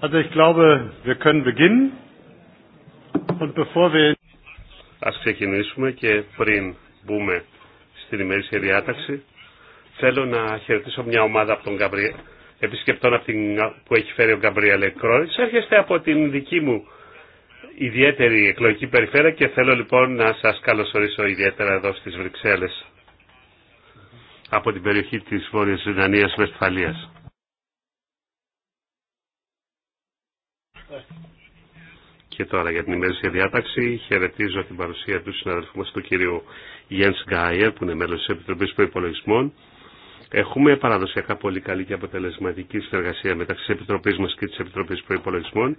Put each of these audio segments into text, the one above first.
Also Ας ξεκινήσουμε και πριν μπούμε στην ημερήσια διάταξη, θέλω να χαιρετήσω μια ομάδα από τον Γκαμπριέ, επισκεπτών από την... που έχει φέρει ο Γκαμπριέλ Κρόνης. Έρχεστε από την δική μου ιδιαίτερη εκλογική περιφέρεια και θέλω λοιπόν να σας καλωσορίσω ιδιαίτερα εδώ στις Βρυξέλλες από την περιοχή της Βόρειας Ινανίας Βεσφαλίας. Και τώρα για την ημερήσια διάταξη χαιρετίζω την παρουσία του συναδελφού μας του κυρίου Γιέντς Γκάιερ που είναι μέλος της Επιτροπής Προϋπολογισμών. Έχουμε παραδοσιακά πολύ καλή και αποτελεσματική συνεργασία μεταξύ της Επιτροπής μας και της Επιτροπής Προϋπολογισμών.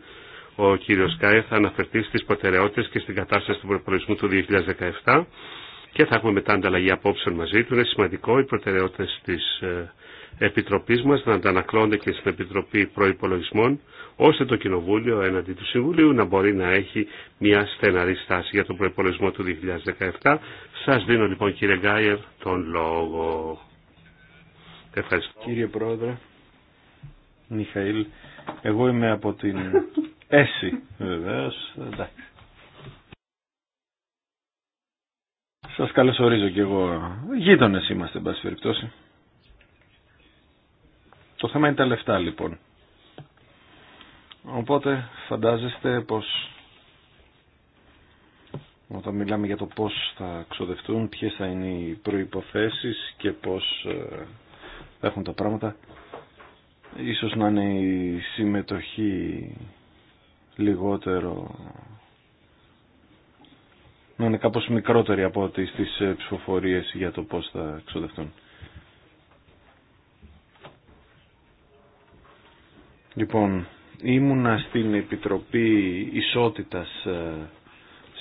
Ο κύριος Γκάιερ θα αναφερθεί στις προτεραιότητες και στην κατάσταση του προϋπολογισμού του 2017 και θα έχουμε μετά ανταλλαγή απόψεων μαζί του. Είναι σημαντικό οι προτεραιότητε τη. Ε, Επιτροπής μας να αντανακλώνται και στην Επιτροπή Προϋπολογισμών, ώστε το Κοινοβούλιο έναντι του Συμβουλίου να μπορεί να έχει μια στεναρή στάση για τον προϋπολογισμό του 2017. Σας δίνω λοιπόν κύριε Γκάιερ τον λόγο. Ευχαριστώ. Κύριε Πρόεδρε, Μιχαήλ, εγώ είμαι από την ΕΣΥ βεβαίως. Σα Σας καλωσορίζω κι εγώ. Γείτονες είμαστε, εν πάση περιπτώσει. Το θέμα είναι τα λεφτά λοιπόν. Οπότε φαντάζεστε πως όταν μιλάμε για το πώς θα ξοδευτούν, ποιες θα είναι οι προϋποθέσεις και πώς θα ε, έχουν τα πράγματα, ίσως να είναι η συμμετοχή λιγότερο να είναι κάπως μικρότερη από ό,τι στις ε, ψηφοφορίες για το πώς θα ξοδευτούν. Λοιπόν, ήμουνα στην Επιτροπή Ισότητας ε,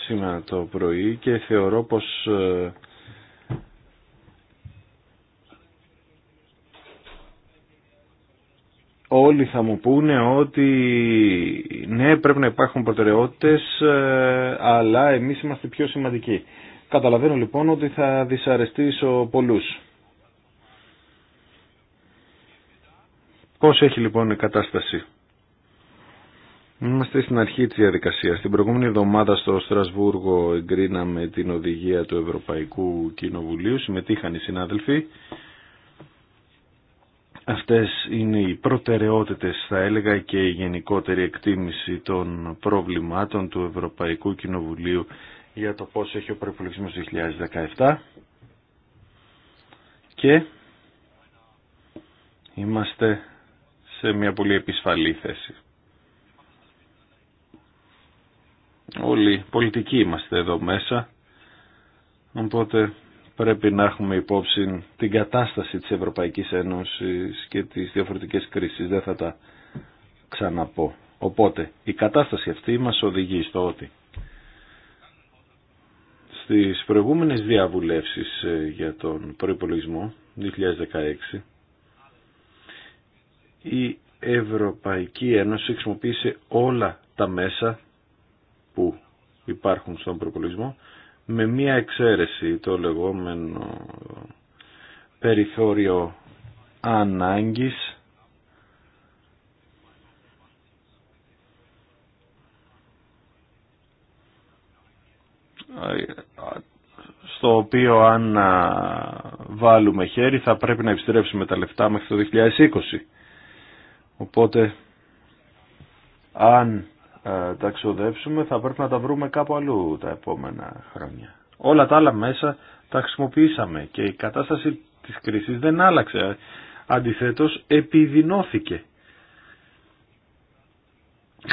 σήμερα το πρωί και θεωρώ πως ε, όλοι θα μου πούνε ότι ναι πρέπει να υπάρχουν προτεραιότητες ε, αλλά εμείς είμαστε πιο σημαντικοί. Καταλαβαίνω λοιπόν ότι θα δυσαρεστήσω πολλούς. Πώς έχει λοιπόν η κατάσταση. Είμαστε στην αρχή της διαδικασίας. Την προηγούμενη εβδομάδα στο Στρασβούργο εγκρίναμε την οδηγία του Ευρωπαϊκού Κοινοβουλίου. Συμμετείχαν οι συνάδελφοι. Αυτές είναι οι προτεραιότητες θα έλεγα και η γενικότερη εκτίμηση των προβλημάτων του Ευρωπαϊκού Κοινοβουλίου για το πώς έχει ο προϋπολογισμός 2017 και είμαστε σε μια πολύ επισφαλή θέση. Όλοι πολιτικοί είμαστε εδώ μέσα, οπότε πρέπει να έχουμε υπόψη την κατάσταση της Ευρωπαϊκής Ένωσης και τις διαφορετικές κρίσεις. Δεν θα τα ξαναπώ. Οπότε η κατάσταση αυτή μας οδηγεί στο ότι στις προηγούμενες διαβουλεύσεις ε, για τον προϋπολογισμό 2016 η Ευρωπαϊκή Ένωση χρησιμοποίησε όλα τα μέσα που υπάρχουν στον προπολογισμό με μία εξαίρεση το λεγόμενο περιθώριο ανάγκης στο οποίο αν βάλουμε χέρι θα πρέπει να επιστρέψουμε τα λεφτά μέχρι το 2020. Οπότε, αν ε, τα ξοδέψουμε θα πρέπει να τα βρούμε κάπου αλλού τα επόμενα χρόνια. Όλα τα άλλα μέσα τα χρησιμοποιήσαμε και η κατάσταση της κρίσης δεν άλλαξε. Αντιθέτως επιδεινώθηκε.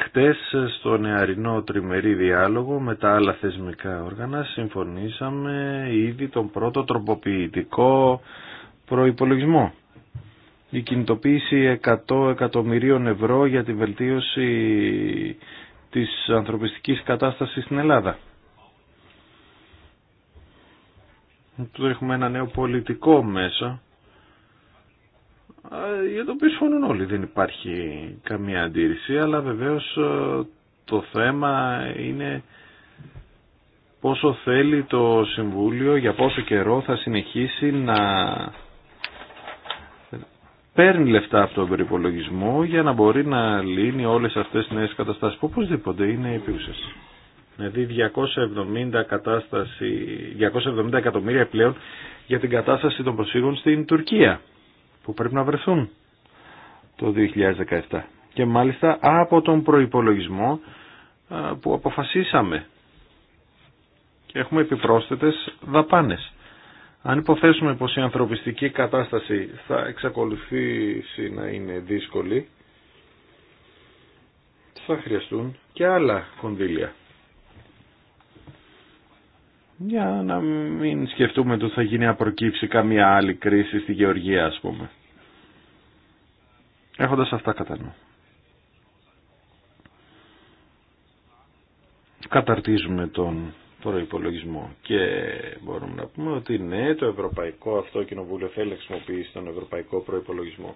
Χτες στο νεαρινό τριμερή διάλογο με τα άλλα θεσμικά όργανα συμφωνήσαμε ήδη τον πρώτο τροποποιητικό προϋπολογισμό η κινητοποίηση 100 εκατομμυρίων ευρώ για τη βελτίωση της ανθρωπιστικής κατάστασης στην Ελλάδα. Τώρα έχουμε ένα νέο πολιτικό μέσο για το οποίο συμφωνούν όλοι. Δεν υπάρχει καμία αντίρρηση, αλλά βεβαίως το θέμα είναι πόσο θέλει το Συμβούλιο, για πόσο καιρό θα συνεχίσει να παίρνει λεφτά από τον περιπολογισμό για να μπορεί να λύνει όλες αυτές τις νέες καταστάσεις που οπωσδήποτε είναι επίουσες. Δηλαδή 270, κατάσταση, 270 εκατομμύρια πλέον για την κατάσταση των προσφύγων στην Τουρκία που πρέπει να βρεθούν το 2017 και μάλιστα από τον προϋπολογισμό που αποφασίσαμε και έχουμε επιπρόσθετες δαπάνες. Αν υποθέσουμε πως η ανθρωπιστική κατάσταση θα εξακολουθήσει να είναι δύσκολη, θα χρειαστούν και άλλα κονδύλια. Για να μην σκεφτούμε ότι θα γίνει να προκύψει καμία άλλη κρίση στη Γεωργία ας πούμε. Έχοντας αυτά κατά νου. Καταρτίζουμε τον προϋπολογισμό. Και μπορούμε να πούμε ότι ναι, το Ευρωπαϊκό αυτό κοινοβούλιο θέλει να χρησιμοποιήσει τον Ευρωπαϊκό προϋπολογισμό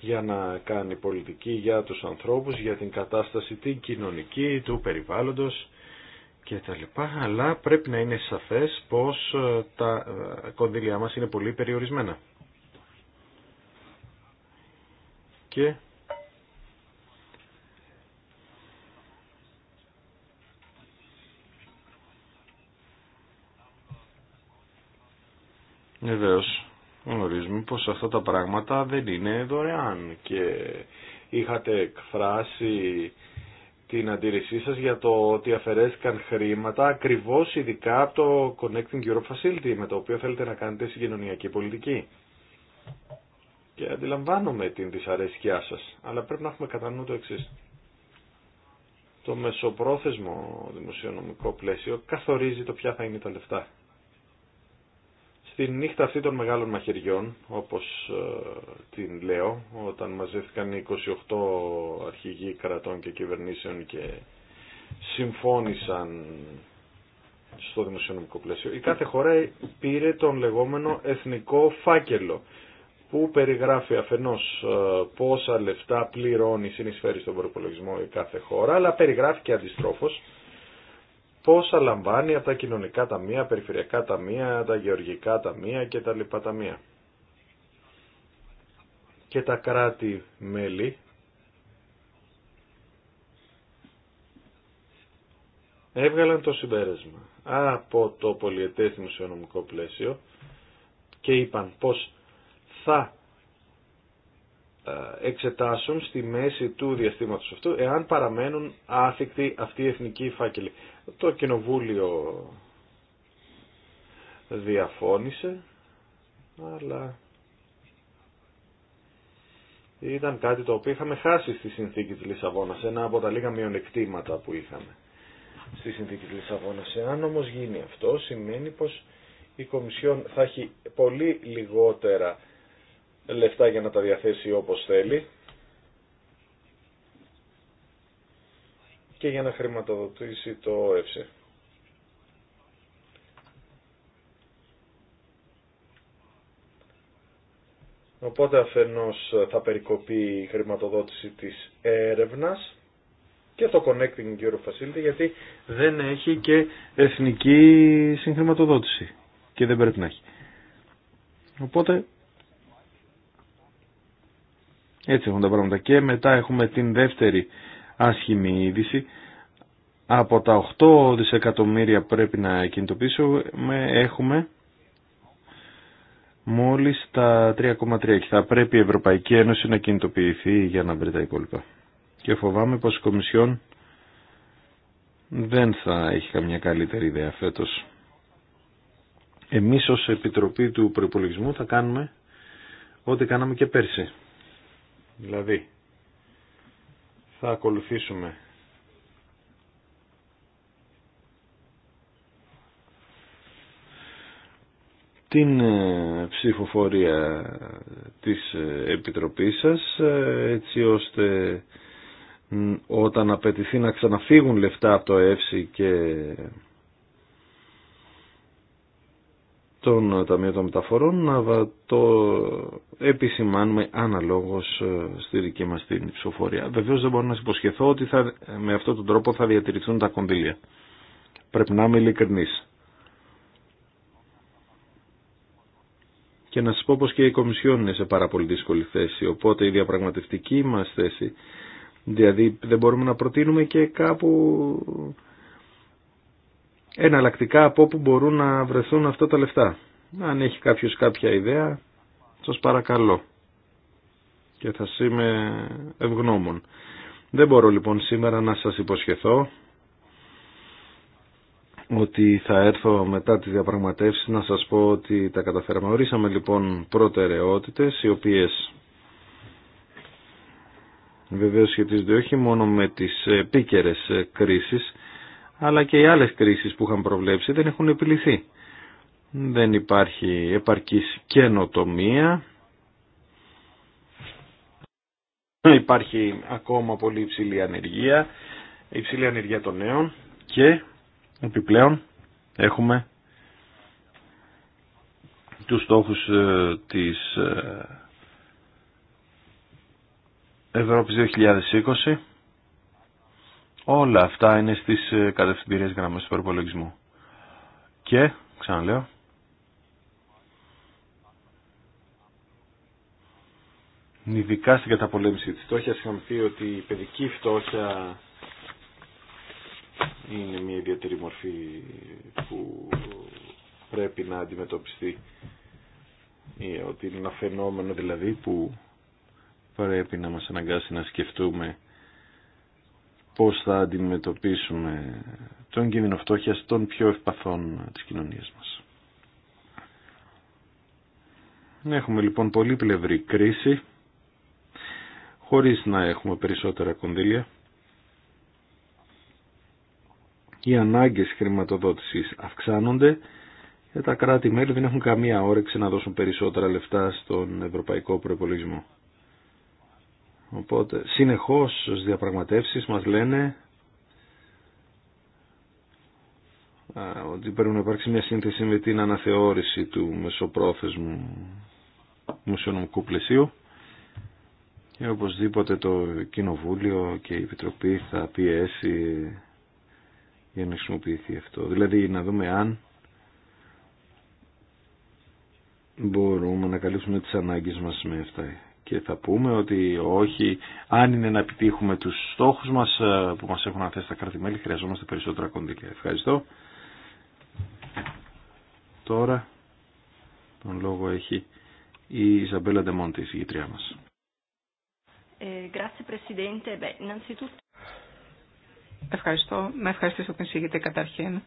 για να κάνει πολιτική για τους ανθρώπους, για την κατάσταση την κοινωνική, του περιβάλλοντος και τα αλλά πρέπει να είναι σαφές πως ε, τα ε, κονδύλια μας είναι πολύ περιορισμένα. Και Βεβαίω, γνωρίζουμε πως αυτά τα πράγματα δεν είναι δωρεάν και είχατε εκφράσει την αντίρρησή σας για το ότι αφαιρέθηκαν χρήματα ακριβώ ειδικά από το Connecting Europe Facility με το οποίο θέλετε να κάνετε συγκοινωνιακή πολιτική. Και αντιλαμβάνομαι την δυσαρέσκειά σας, αλλά πρέπει να έχουμε κατά νου το εξή. Το μεσοπρόθεσμο δημοσιονομικό πλαίσιο καθορίζει το ποια θα είναι τα λεφτά Στη νύχτα αυτή των μεγάλων μαχαιριών, όπως ε, την λέω, όταν μαζεύτηκαν 28 αρχηγοί κρατών και κυβερνήσεων και συμφώνησαν στο δημοσιονομικό πλαίσιο, η κάθε χώρα πήρε τον λεγόμενο εθνικό φάκελο που περιγράφει αφενός ε, πόσα λεφτά πληρώνει, συνεισφέρει στον προπολογισμό η κάθε χώρα, αλλά περιγράφει και αντιστρόφως πόσα λαμβάνει από τα κοινωνικά ταμεία, περιφερειακά ταμεία, τα γεωργικά ταμεία και τα λοιπά ταμεία. Και τα κράτη-μέλη έβγαλαν το συμπέρασμα από το πολιετές δημοσιονομικό πλαίσιο και είπαν πως θα ε, εξετάσουν στη μέση του διαστήματος αυτού εάν παραμένουν άθικτοι αυτοί οι εθνικοί φάκελοι. Το κοινοβούλιο διαφώνησε, αλλά ήταν κάτι το οποίο είχαμε χάσει στη συνθήκη της Λισαβόνας, ένα από τα λίγα μειονεκτήματα που είχαμε στη συνθήκη της Λισαβόνας. Εάν όμως γίνει αυτό, σημαίνει πως η Κομισιόν θα έχει πολύ λιγότερα λεφτά για να τα διαθέσει όπως θέλει και για να χρηματοδοτήσει το ΕΦΣΕ. Οπότε αφενός θα περικοπεί η χρηματοδότηση της έρευνας και το Connecting Euro Facility γιατί δεν έχει και εθνική συγχρηματοδότηση και δεν πρέπει να έχει. Οπότε έτσι έχουν τα πράγματα και μετά έχουμε την δεύτερη άσχημη είδηση. Από τα 8 δισεκατομμύρια πρέπει να κινητοποιήσουμε, έχουμε μόλις τα 3,3 και θα πρέπει η Ευρωπαϊκή Ένωση να κινητοποιηθεί για να βρει τα υπόλοιπα. Και φοβάμαι πως η Κομισιόν δεν θα έχει καμιά καλύτερη ιδέα φέτος. Εμείς ως Επιτροπή του Προϋπολογισμού θα κάνουμε ό,τι κάναμε και πέρσι. Δηλαδή, θα ακολουθήσουμε την ε, ψηφοφορία της ε, Επιτροπής σας ε, έτσι ώστε όταν απαιτηθεί να ξαναφύγουν λεφτά από το ΕΦΣΙ και των Ταμείων των Μεταφορών να το επισημάνουμε αναλόγως ε, στη δική μας την ψηφοφορία. Βεβαίως δεν μπορώ να σας υποσχεθώ ότι θα, με αυτόν τον τρόπο θα διατηρηθούν τα κονδύλια. Πρέπει να είμαι ειλικρινής. Και να σας πω πως και η Κομισιόν είναι σε πάρα πολύ δύσκολη θέση, οπότε η διαπραγματευτική μας θέση, δηλαδή δεν μπορούμε να προτείνουμε και κάπου εναλλακτικά από όπου μπορούν να βρεθούν αυτά τα λεφτά. Αν έχει κάποιος κάποια ιδέα, σας παρακαλώ. Και θα είμαι ευγνώμων. Δεν μπορώ λοιπόν σήμερα να σας υποσχεθώ ότι θα έρθω μετά τη διαπραγματεύση να σας πω ότι τα καταφέραμε. Ορίσαμε λοιπόν προτεραιότητες οι οποίες βεβαίως σχετίζονται όχι μόνο με τις επίκαιρες κρίσεις αλλά και οι άλλες κρίσεις που είχαν προβλέψει δεν έχουν επιληθεί. Δεν υπάρχει επαρκής καινοτομία. Υπάρχει ακόμα πολύ υψηλή ανεργία, υψηλή ανεργία των νέων και επιπλέον έχουμε τους στόχους ε, της ε, Ευρώπης 2020 Όλα αυτά είναι στις ε, κατευθυντήριες γραμμές του προπολογισμού. Και, ξαναλέω, ειδικά στην καταπολέμηση της φτώχειας είχαμε πει ότι η παιδική φτώχεια είναι μια ιδιαίτερη μορφή που πρέπει να αντιμετωπιστεί ε, ότι είναι ένα φαινόμενο δηλαδή που πρέπει να μας αναγκάσει να σκεφτούμε πώς θα αντιμετωπίσουμε τον κίνδυνο φτώχειας των πιο ευπαθών της κοινωνίας μας. Έχουμε λοιπόν πλευρή κρίση, χωρίς να έχουμε περισσότερα κονδύλια. Οι ανάγκες χρηματοδότησης αυξάνονται και τα κράτη-μέλη δεν έχουν καμία όρεξη να δώσουν περισσότερα λεφτά στον ευρωπαϊκό προπολογισμό. Οπότε συνεχώς στις διαπραγματεύσεις μας λένε ότι πρέπει να υπάρξει μια σύνθεση με την αναθεώρηση του μεσοπρόθεσμου μουσιονομικού πλαισίου και οπωσδήποτε το Κοινοβούλιο και η Επιτροπή θα πιέσει για να χρησιμοποιηθεί αυτό. Δηλαδή να δούμε αν μπορούμε να καλύψουμε τις ανάγκες μας με αυτά και θα πούμε ότι όχι, αν είναι να επιτύχουμε τους στόχους μας ε, που μας έχουν αναθέσει τα κράτη-μέλη, χρειαζόμαστε περισσότερα κονδύλια. Ευχαριστώ. Τώρα τον λόγο έχει η Ιζαμπέλα Ντεμόντη, η συγγητριά μας. Ε, Ευχαριστώ. Με ευχαριστήσω που συγγείτε καταρχήν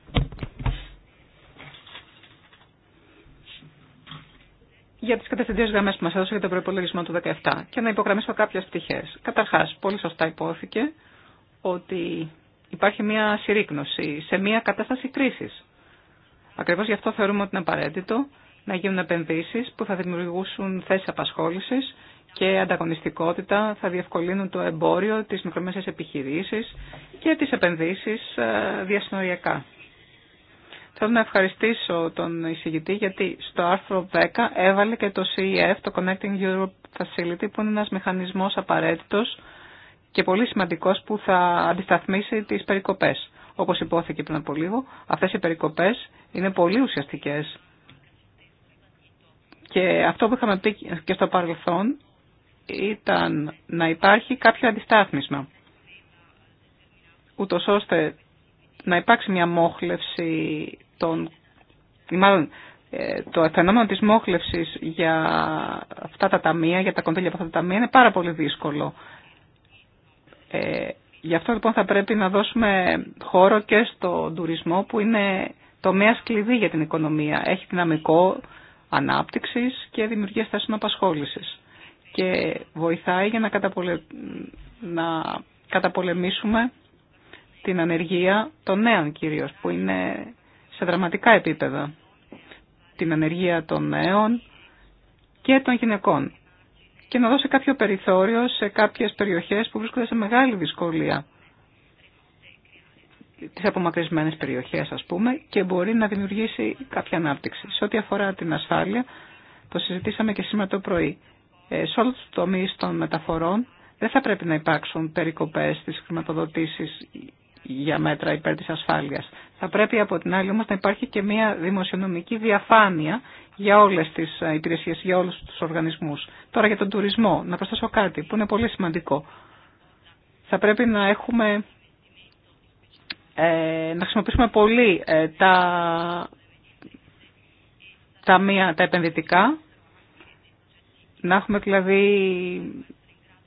για τι κατευθυντήρες γραμμέ που μα έδωσε για τον προπολογισμό του 2017 και να υπογραμμίσω κάποιε πτυχέ. Καταρχά, πολύ σωστά υπόθηκε ότι υπάρχει μια συρρήκνωση σε μια κατάσταση κρίση. Ακριβώ γι' αυτό θεωρούμε ότι είναι απαραίτητο να γίνουν επενδύσει που θα δημιουργούσουν θέσει απασχόληση και ανταγωνιστικότητα, θα διευκολύνουν το εμπόριο, τις μικρομεσαίε επιχειρήσει και τι επενδύσει ε, διασυνοριακά. Θέλω να ευχαριστήσω τον εισηγητή γιατί στο άρθρο 10 έβαλε και το CEF, το Connecting Europe Facility, που είναι ένας μηχανισμός απαραίτητος και πολύ σημαντικός που θα αντισταθμίσει τις περικοπές. Όπως υπόθηκε πριν από λίγο, αυτές οι περικοπές είναι πολύ ουσιαστικές. Και αυτό που είχαμε πει και στο παρελθόν ήταν να υπάρχει κάποιο αντιστάθμισμα, ούτως ώστε να υπάρξει μια μόχλευση των... Μάλλον, ε, το φαινόμενο της μόχλευσης για αυτά τα ταμεία, για τα κονδύλια από αυτά τα ταμεία είναι πάρα πολύ δύσκολο. Ε, γι' αυτό λοιπόν θα πρέπει να δώσουμε χώρο και στον τουρισμό που είναι τομέα κλειδί για την οικονομία. Έχει δυναμικό ανάπτυξης και δημιουργία θέσεων απασχόλησης. Και βοηθάει για να, καταπολε... να καταπολεμήσουμε την ανεργία των νέων κυρίως, που είναι σε δραματικά επίπεδα. Την ανεργία των νέων και των γυναικών. Και να δώσει κάποιο περιθώριο σε κάποιες περιοχές που βρίσκονται σε μεγάλη δυσκολία. Τις απομακρυσμένες περιοχές ας πούμε και μπορεί να δημιουργήσει κάποια ανάπτυξη. Σε ό,τι αφορά την ασφάλεια, το συζητήσαμε και σήμερα το πρωί. Ε, σε όλους τους τομείς των μεταφορών δεν θα πρέπει να υπάρξουν περικοπές στις χρηματοδοτήσεις για μέτρα υπέρ της ασφάλειας. Θα πρέπει από την άλλη όμως να υπάρχει και μια δημοσιονομική διαφάνεια για όλες τις ε, υπηρεσίες, για όλους τους οργανισμούς. Τώρα για τον τουρισμό, να προσθέσω κάτι που είναι πολύ σημαντικό. Θα πρέπει να έχουμε, ε, να χρησιμοποιήσουμε πολύ ε, τα μια τα επενδυτικά, να έχουμε δηλαδή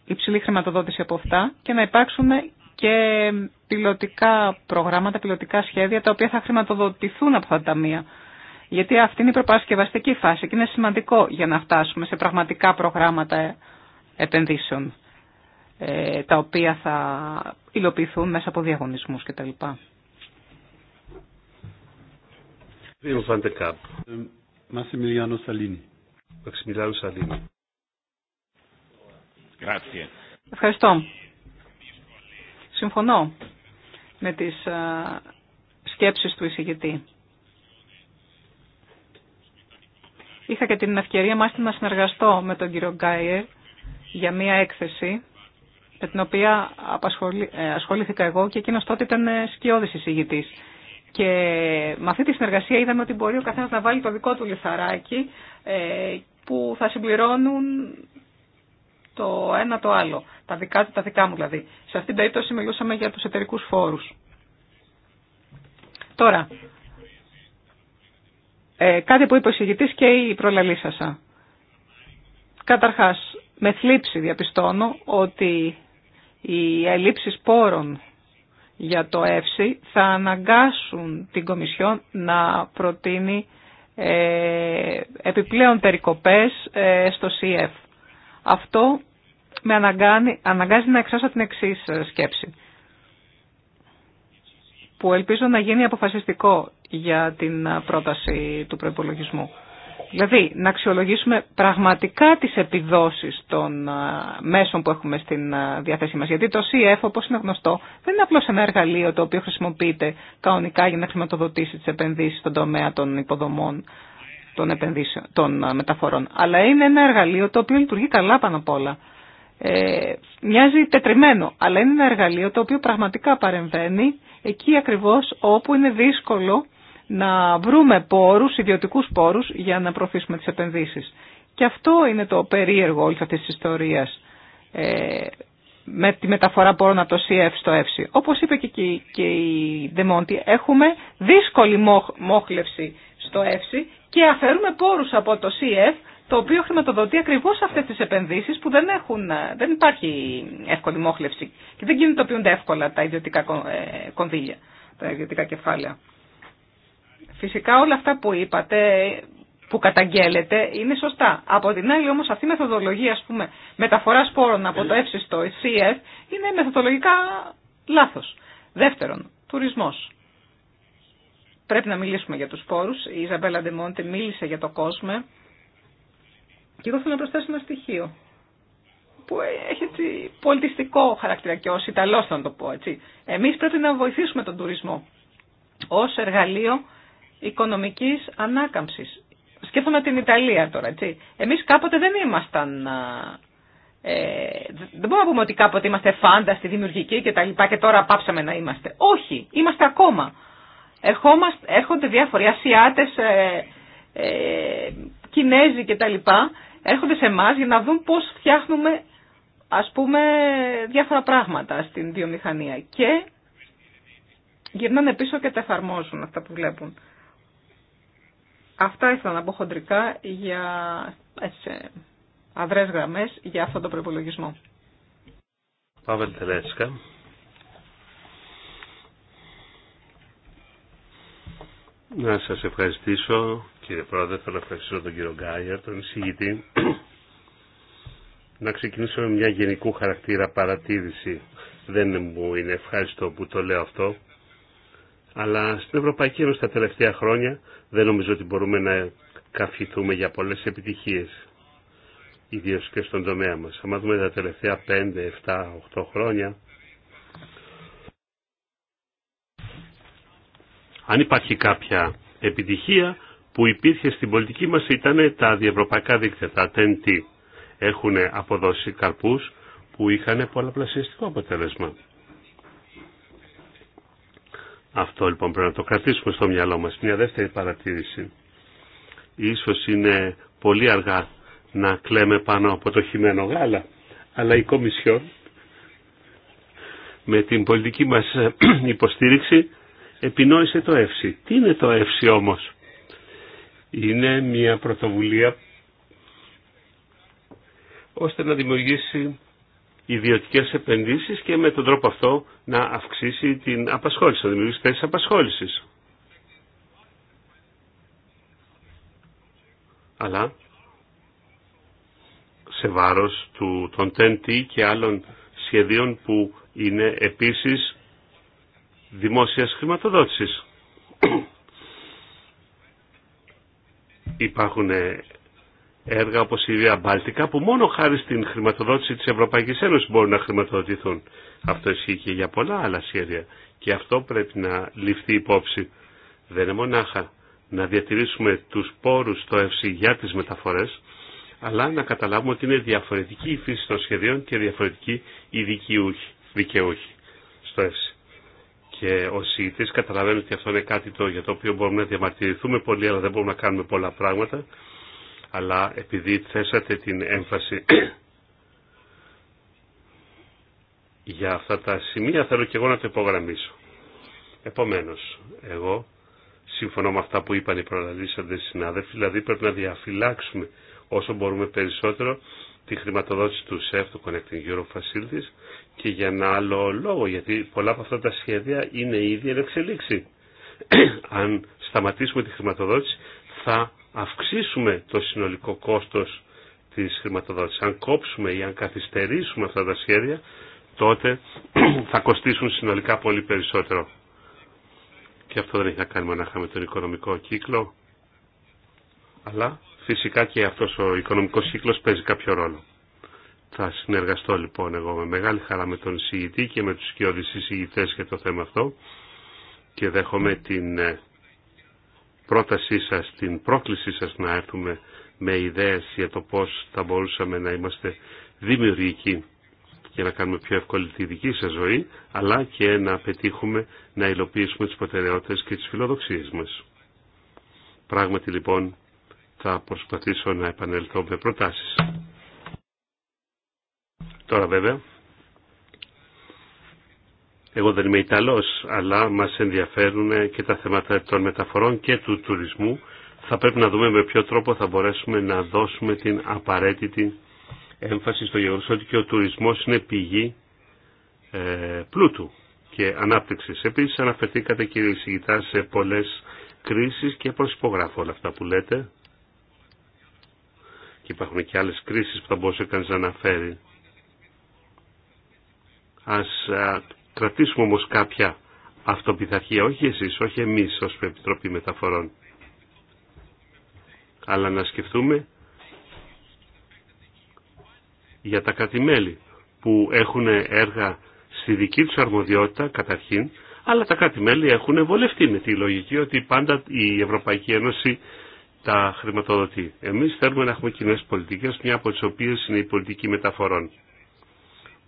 υψηλή χρηματοδότηση από αυτά και να υπάρξουν και πιλωτικά προγράμματα, πιλωτικά σχέδια τα οποία θα χρηματοδοτηθούν από τα ταμεία. Γιατί αυτή είναι η προπαρασκευαστική φάση και είναι σημαντικό για να φτάσουμε σε πραγματικά προγράμματα επενδύσεων ε, τα οποία θα υλοποιηθούν μέσα από διαγωνισμούς κτλ. Ε, Ευχαριστώ. Συμφωνώ με τις σκέψεις του εισηγητή. Είχα και την ευκαιρία μάλιστα να συνεργαστώ με τον κύριο Γκάιερ για μία έκθεση με την οποία ε, ασχολήθηκα εγώ και εκείνος τότε ήταν ε, σκιώδης εισηγητής. Και με αυτή τη συνεργασία είδαμε ότι μπορεί ο καθένας να βάλει το δικό του λιθαράκι ε, που θα συμπληρώνουν το ένα το άλλο. Τα δικά του, τα δικά μου δηλαδή. Σε αυτήν την περίπτωση μιλούσαμε για τους εταιρικού φόρους. Τώρα, ε, κάτι που είπε ο συγητής και η προλαλήσασα. Καταρχάς, με θλίψη διαπιστώνω ότι οι ελλείψεις πόρων για το ΕΦΣΥ θα αναγκάσουν την Κομισιόν να προτείνει ε, επιπλέον περικοπές ε, στο ΣΥΕΦ. Αυτό με αναγκάνει, αναγκάζει να εξάσω την εξή ε, σκέψη που ελπίζω να γίνει αποφασιστικό για την ε, πρόταση του προπολογισμού. Δηλαδή, να αξιολογήσουμε πραγματικά τις επιδόσεις των ε, μέσων που έχουμε στην διάθεσή μας. Γιατί το CF, όπως είναι γνωστό, δεν είναι απλώς ένα εργαλείο το οποίο χρησιμοποιείται κανονικά για να χρηματοδοτήσει τις επενδύσεις στον τομέα των υποδομών των, των μεταφορών. Αλλά είναι ένα εργαλείο το οποίο λειτουργεί καλά πάνω απ' όλα ε, μοιάζει τετριμένο, αλλά είναι ένα εργαλείο το οποίο πραγματικά παρεμβαίνει εκεί ακριβώς όπου είναι δύσκολο να βρούμε πόρους, ιδιωτικούς πόρους, για να προωθήσουμε τις επενδύσεις. Και αυτό είναι το περίεργο όλη αυτής της ιστορίας ε, με τη μεταφορά πόρων από το CF στο ΕΦΣΙ. Όπως είπε και, η Δεμόντι, έχουμε δύσκολη μόχλευση στο ΕΦΣΙ και αφαιρούμε πόρους από το CF το οποίο χρηματοδοτεί ακριβώς αυτές τις επενδύσεις που δεν, έχουν, ε, δεν υπάρχει εύκολη μόχλευση και δεν κινητοποιούνται εύκολα τα ιδιωτικά ε, κονδύλια, τα ιδιωτικά κεφάλαια. Φυσικά όλα αυτά που είπατε, που καταγγέλλετε, είναι σωστά. Από την άλλη όμως αυτή η μεθοδολογία, ας πούμε, μεταφοράς πόρων από το ΕΦΣΙ στο CF, είναι μεθοδολογικά λάθος. Δεύτερον, τουρισμός. Πρέπει να μιλήσουμε για τους πόρους. Η Ιζαμπέλα Ντεμόντε μίλησε για το κόσμο και εγώ θέλω να προσθέσω ένα στοιχείο που έχει έτσι πολιτιστικό χαρακτήρα και ως Ιταλός θα το πω έτσι. Εμείς πρέπει να βοηθήσουμε τον τουρισμό ως εργαλείο οικονομικής ανάκαμψης. Σκέφτομαι την Ιταλία τώρα, έτσι. Εμείς κάποτε δεν ήμασταν... Ε, δεν μπορούμε να πούμε ότι κάποτε είμαστε φάνταστοι, δημιουργικοί και τα λοιπά και τώρα πάψαμε να είμαστε. Όχι, είμαστε ακόμα. Ερχόμαστε, έρχονται διάφοροι Ασιάτες, ε, ε, Κινέζοι και τα λοιπά έρχονται σε εμά για να δουν πώς φτιάχνουμε ας πούμε διάφορα πράγματα στην βιομηχανία και γυρνάνε πίσω και τα εφαρμόζουν αυτά που βλέπουν. Αυτά ήθελα να πω χοντρικά για έτσι, αδρές γραμμές για αυτό το προπολογισμό. Παύελ Τελέσκα. Να σας ευχαριστήσω κύριε Πρόεδρε. Θέλω να ευχαριστήσω τον κύριο Γκάιερ, τον εισηγητή. να ξεκινήσω με μια γενικού χαρακτήρα παρατήρηση. Δεν μου είναι ευχάριστο που το λέω αυτό. Αλλά στην Ευρωπαϊκή Ένωση τα τελευταία χρόνια δεν νομίζω ότι μπορούμε να καφηθούμε για πολλές επιτυχίες. Ιδίως και στον τομέα μας. Αν δούμε τα τελευταία 5, 7, 8 χρόνια, αν υπάρχει κάποια επιτυχία, που υπήρχε στην πολιτική μας ήταν τα διευρωπαϊκά δίκτυα, τα TNT. Έχουν αποδώσει καρπούς που είχαν πολλαπλασιαστικό αποτέλεσμα. Αυτό λοιπόν πρέπει να το κρατήσουμε στο μυαλό μας. Μια δεύτερη παρατήρηση. Ίσως είναι πολύ αργά να κλαίμε πάνω από το χειμένο γάλα, αλλά η Κομισιόν με την πολιτική μας υποστήριξη επινόησε το εύση. Τι είναι το εύση όμως είναι μια πρωτοβουλία ώστε να δημιουργήσει ιδιωτικέ επενδύσεις και με τον τρόπο αυτό να αυξήσει την απασχόληση, να δημιουργήσει απασχόλησης. Αλλά σε βάρος του, των TNT και άλλων σχεδίων που είναι επίσης δημόσιας χρηματοδότησης υπάρχουν ε, έργα όπως η Ρία Μπάλτικα που μόνο χάρη στην χρηματοδότηση της Ευρωπαϊκής Ένωσης μπορούν να χρηματοδοτηθούν. Αυτό ισχύει και για πολλά άλλα σχέδια και αυτό πρέπει να ληφθεί υπόψη. Δεν είναι μονάχα να διατηρήσουμε τους πόρους στο ΕΦΣΥ για τις μεταφορές, αλλά να καταλάβουμε ότι είναι διαφορετική η φύση των σχεδίων και διαφορετική η δικαιούχη, στο ΕΦΣΥ και ο ηγητή καταλαβαίνω ότι αυτό είναι κάτι το, για το οποίο μπορούμε να διαμαρτυρηθούμε πολύ, αλλά δεν μπορούμε να κάνουμε πολλά πράγματα. Αλλά επειδή θέσατε την έμφαση για αυτά τα σημεία, θέλω και εγώ να το υπογραμμίσω. Επομένω, εγώ συμφωνώ με αυτά που είπαν οι προλαλήσαντες συνάδελφοι, δηλαδή πρέπει να διαφυλάξουμε όσο μπορούμε περισσότερο τη χρηματοδότηση του ΣΕΦ, του Connecting Europe Facilities, και για ένα άλλο λόγο, γιατί πολλά από αυτά τα σχέδια είναι ήδη εν εξελίξη. Αν σταματήσουμε τη χρηματοδότηση θα αυξήσουμε το συνολικό κόστος της χρηματοδότησης. Αν κόψουμε ή αν καθυστερήσουμε αυτά τα σχέδια, τότε θα κοστίσουν συνολικά πολύ περισσότερο. Και αυτό δεν έχει να κάνει μονάχα με τον οικονομικό κύκλο, αλλά φυσικά και αυτός ο οικονομικός κύκλος παίζει κάποιο ρόλο. Θα συνεργαστώ λοιπόν εγώ με μεγάλη χαρά με τον συγητή και με τους κοιόδης εισηγητές για το θέμα αυτό και δέχομαι την ε, πρότασή σας, την πρόκλησή σας να έρθουμε με ιδέες για το πώς θα μπορούσαμε να είμαστε δημιουργικοί για να κάνουμε πιο εύκολη τη δική σας ζωή, αλλά και να πετύχουμε να υλοποιήσουμε τις προτεραιότητες και τις φιλοδοξίες μας. Πράγματι λοιπόν θα προσπαθήσω να επανέλθω με προτάσεις. Τώρα βέβαια, εγώ δεν είμαι Ιταλός, αλλά μας ενδιαφέρουν και τα θέματα των μεταφορών και του τουρισμού. Θα πρέπει να δούμε με ποιο τρόπο θα μπορέσουμε να δώσουμε την απαραίτητη έμφαση στο γεγονός ότι και ο τουρισμός είναι πηγή ε, πλούτου και ανάπτυξης. Επίσης αναφερθήκατε κύριε Ισηγητά σε πολλές κρίσεις και προσυπογράφω όλα αυτά που λέτε. Και υπάρχουν και άλλες κρίσεις που θα μπορούσε κανείς να αναφέρει. Ας ε, κρατήσουμε όμως κάποια αυτοπιθαρχία, όχι εσείς, όχι εμείς ως Επιτροπή Μεταφορών. Αλλά να σκεφτούμε για τα κρατημέλη που έχουν έργα στη δική τους αρμοδιότητα καταρχήν, αλλά τα κράτη-μέλη έχουν βολευτεί με τη λογική ότι πάντα η Ευρωπαϊκή Ένωση τα χρηματοδοτεί. Εμείς θέλουμε να έχουμε κοινέ πολιτικές, μια από τις οποίες είναι η πολιτική μεταφορών.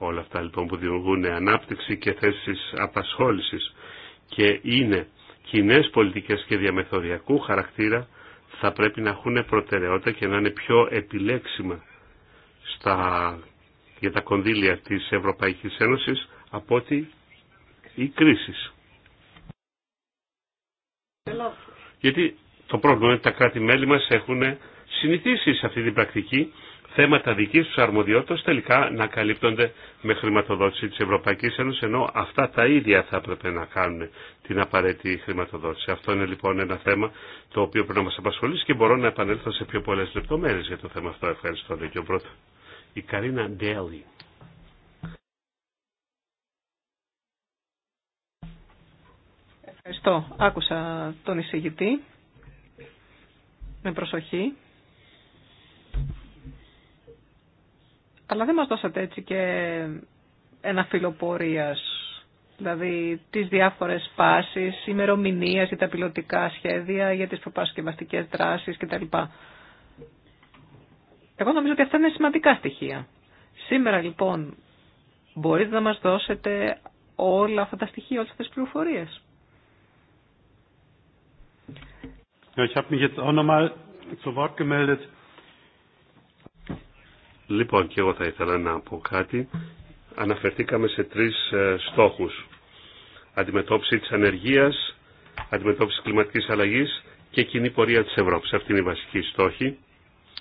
Όλα αυτά λοιπόν που δημιουργούν ανάπτυξη και θέσεις απασχόλησης και είναι κοινέ πολιτικές και διαμεθοριακού χαρακτήρα θα πρέπει να έχουν προτεραιότητα και να είναι πιο επιλέξιμα στα, για τα κονδύλια της Ευρωπαϊκής Ένωσης από ότι οι κρίσεις. Γιατί το πρόβλημα είναι ότι τα κράτη-μέλη μας έχουν συνηθίσει σε αυτή την πρακτική θέματα δικής του αρμοδιότητα τελικά να καλύπτονται με χρηματοδότηση της Ευρωπαϊκής Ένωσης, ενώ αυτά τα ίδια θα έπρεπε να κάνουν την απαραίτητη χρηματοδότηση. Αυτό είναι λοιπόν ένα θέμα το οποίο πρέπει να μας απασχολήσει και μπορώ να επανέλθω σε πιο πολλές λεπτομέρειε για το θέμα αυτό. Ευχαριστώ, Δεκιο Πρώτο. Η Καρίνα Ντέλη. Ευχαριστώ. Άκουσα τον εισηγητή με προσοχή Αλλά δεν μας δώσατε έτσι και ένα φιλοπορίας, δηλαδή τις διάφορες πάσεις, ημερομηνίες για τα πιλωτικά σχέδια, για τις προπασκευαστικές δράσεις κτλ. Εγώ νομίζω ότι αυτά είναι σημαντικά στοιχεία. Σήμερα λοιπόν μπορείτε να μας δώσετε όλα αυτά τα στοιχεία, όλες αυτές τις πληροφορίες. ich habe mich jetzt auch zu Wort gemeldet. Λοιπόν, και εγώ θα ήθελα να πω κάτι. Αναφερθήκαμε σε τρεις ε, στόχους. Αντιμετώπιση της ανεργίας, αντιμετώπιση της κλιματικής αλλαγής και κοινή πορεία της Ευρώπης. Αυτή είναι η βασική στόχη,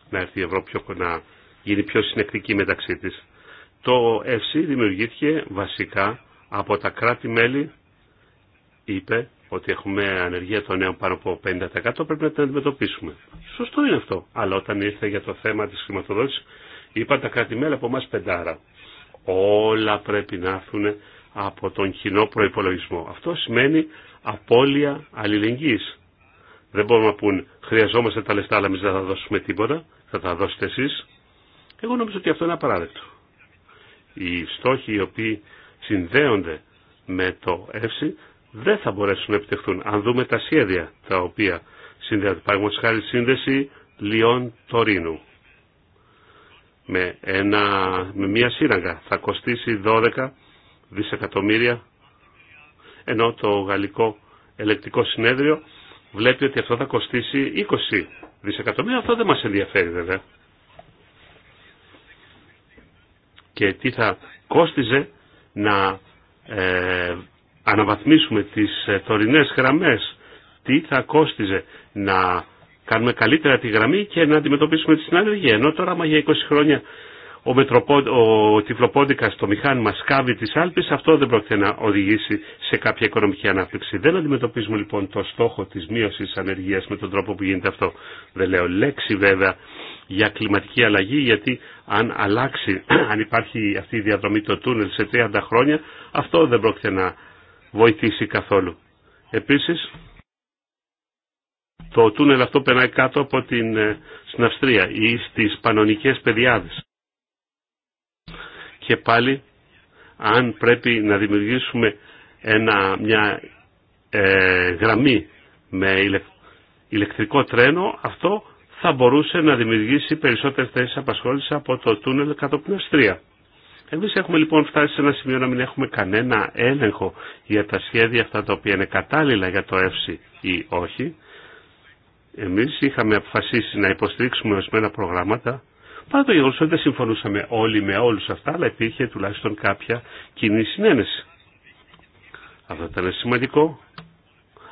να έρθει η Ευρώπη πιο, να γίνει πιο συνεκτική μεταξύ της. Το ΕΦΣΥ δημιουργήθηκε βασικά από τα κράτη-μέλη, είπε ότι έχουμε ανεργία των νέων πάνω από 50% πρέπει να την αντιμετωπίσουμε. Σωστό είναι αυτό. Αλλά όταν ήρθε για το θέμα της χρηματοδότησης Είπαν τα κρατημένα από εμά πεντάρα. Όλα πρέπει να έρθουν από τον κοινό προϋπολογισμό. Αυτό σημαίνει απώλεια αλληλεγγύης. Δεν μπορούμε να πούν χρειαζόμαστε τα λεφτά αλλά εμείς δεν θα δώσουμε τίποτα, θα τα δώσετε εσείς. Εγώ νομίζω ότι αυτό είναι απαράδεκτο. Οι στόχοι οι οποίοι συνδέονται με το ΕΦΣΥ δεν θα μπορέσουν να επιτευχθούν. Αν δούμε τα σχέδια τα οποία συνδέονται, παραδείγματος χάρη σύνδεση Λιών Τωρίνου με, ένα, με μια σύραγγα. Θα κοστίσει 12 δισεκατομμύρια ενώ το γαλλικό ελεκτικό συνέδριο βλέπει ότι αυτό θα κοστίσει 20 δισεκατομμύρια. Αυτό δεν μας ενδιαφέρει βέβαια. Και τι θα κόστιζε να ε, αναβαθμίσουμε τις ε, τωρινές γραμμές. Τι θα κόστιζε να κάνουμε καλύτερα τη γραμμή και να αντιμετωπίσουμε τη συναλλαγή. Ενώ τώρα, μα για 20 χρόνια ο, Μετροπό, ο τυφλοπόντικας το μηχάνημα σκάβει της Άλπης, αυτό δεν πρόκειται να οδηγήσει σε κάποια οικονομική ανάπτυξη. Δεν αντιμετωπίζουμε λοιπόν το στόχο της μείωσης ανεργίας με τον τρόπο που γίνεται αυτό. Δεν λέω λέξη βέβαια για κλιματική αλλαγή, γιατί αν αλλάξει, αν υπάρχει αυτή η διαδρομή το τούνελ σε 30 χρόνια, αυτό δεν πρόκειται να βοηθήσει καθόλου. Επίσης, το τούνελ αυτό περνάει κάτω από την ε, στην Αυστρία ή στις Πανονικές Παιδιάδες. Και πάλι, αν πρέπει να δημιουργήσουμε ένα, μια ε, γραμμή με ηλεκτρικό τρένο, αυτό θα μπορούσε να δημιουργήσει περισσότερες θέσεις απασχόλησης από το τούνελ κάτω από την Αυστρία. Εμείς έχουμε λοιπόν φτάσει σε ένα σημείο να μην έχουμε κανένα έλεγχο για τα σχέδια αυτά τα οποία είναι κατάλληλα για το ΕΦΣΙ ή όχι εμείς είχαμε αποφασίσει να υποστηρίξουμε ορισμένα προγράμματα παρά το γεγονός ότι δεν συμφωνούσαμε όλοι με όλους αυτά αλλά υπήρχε τουλάχιστον κάποια κοινή συνένεση. Αυτό ήταν σημαντικό.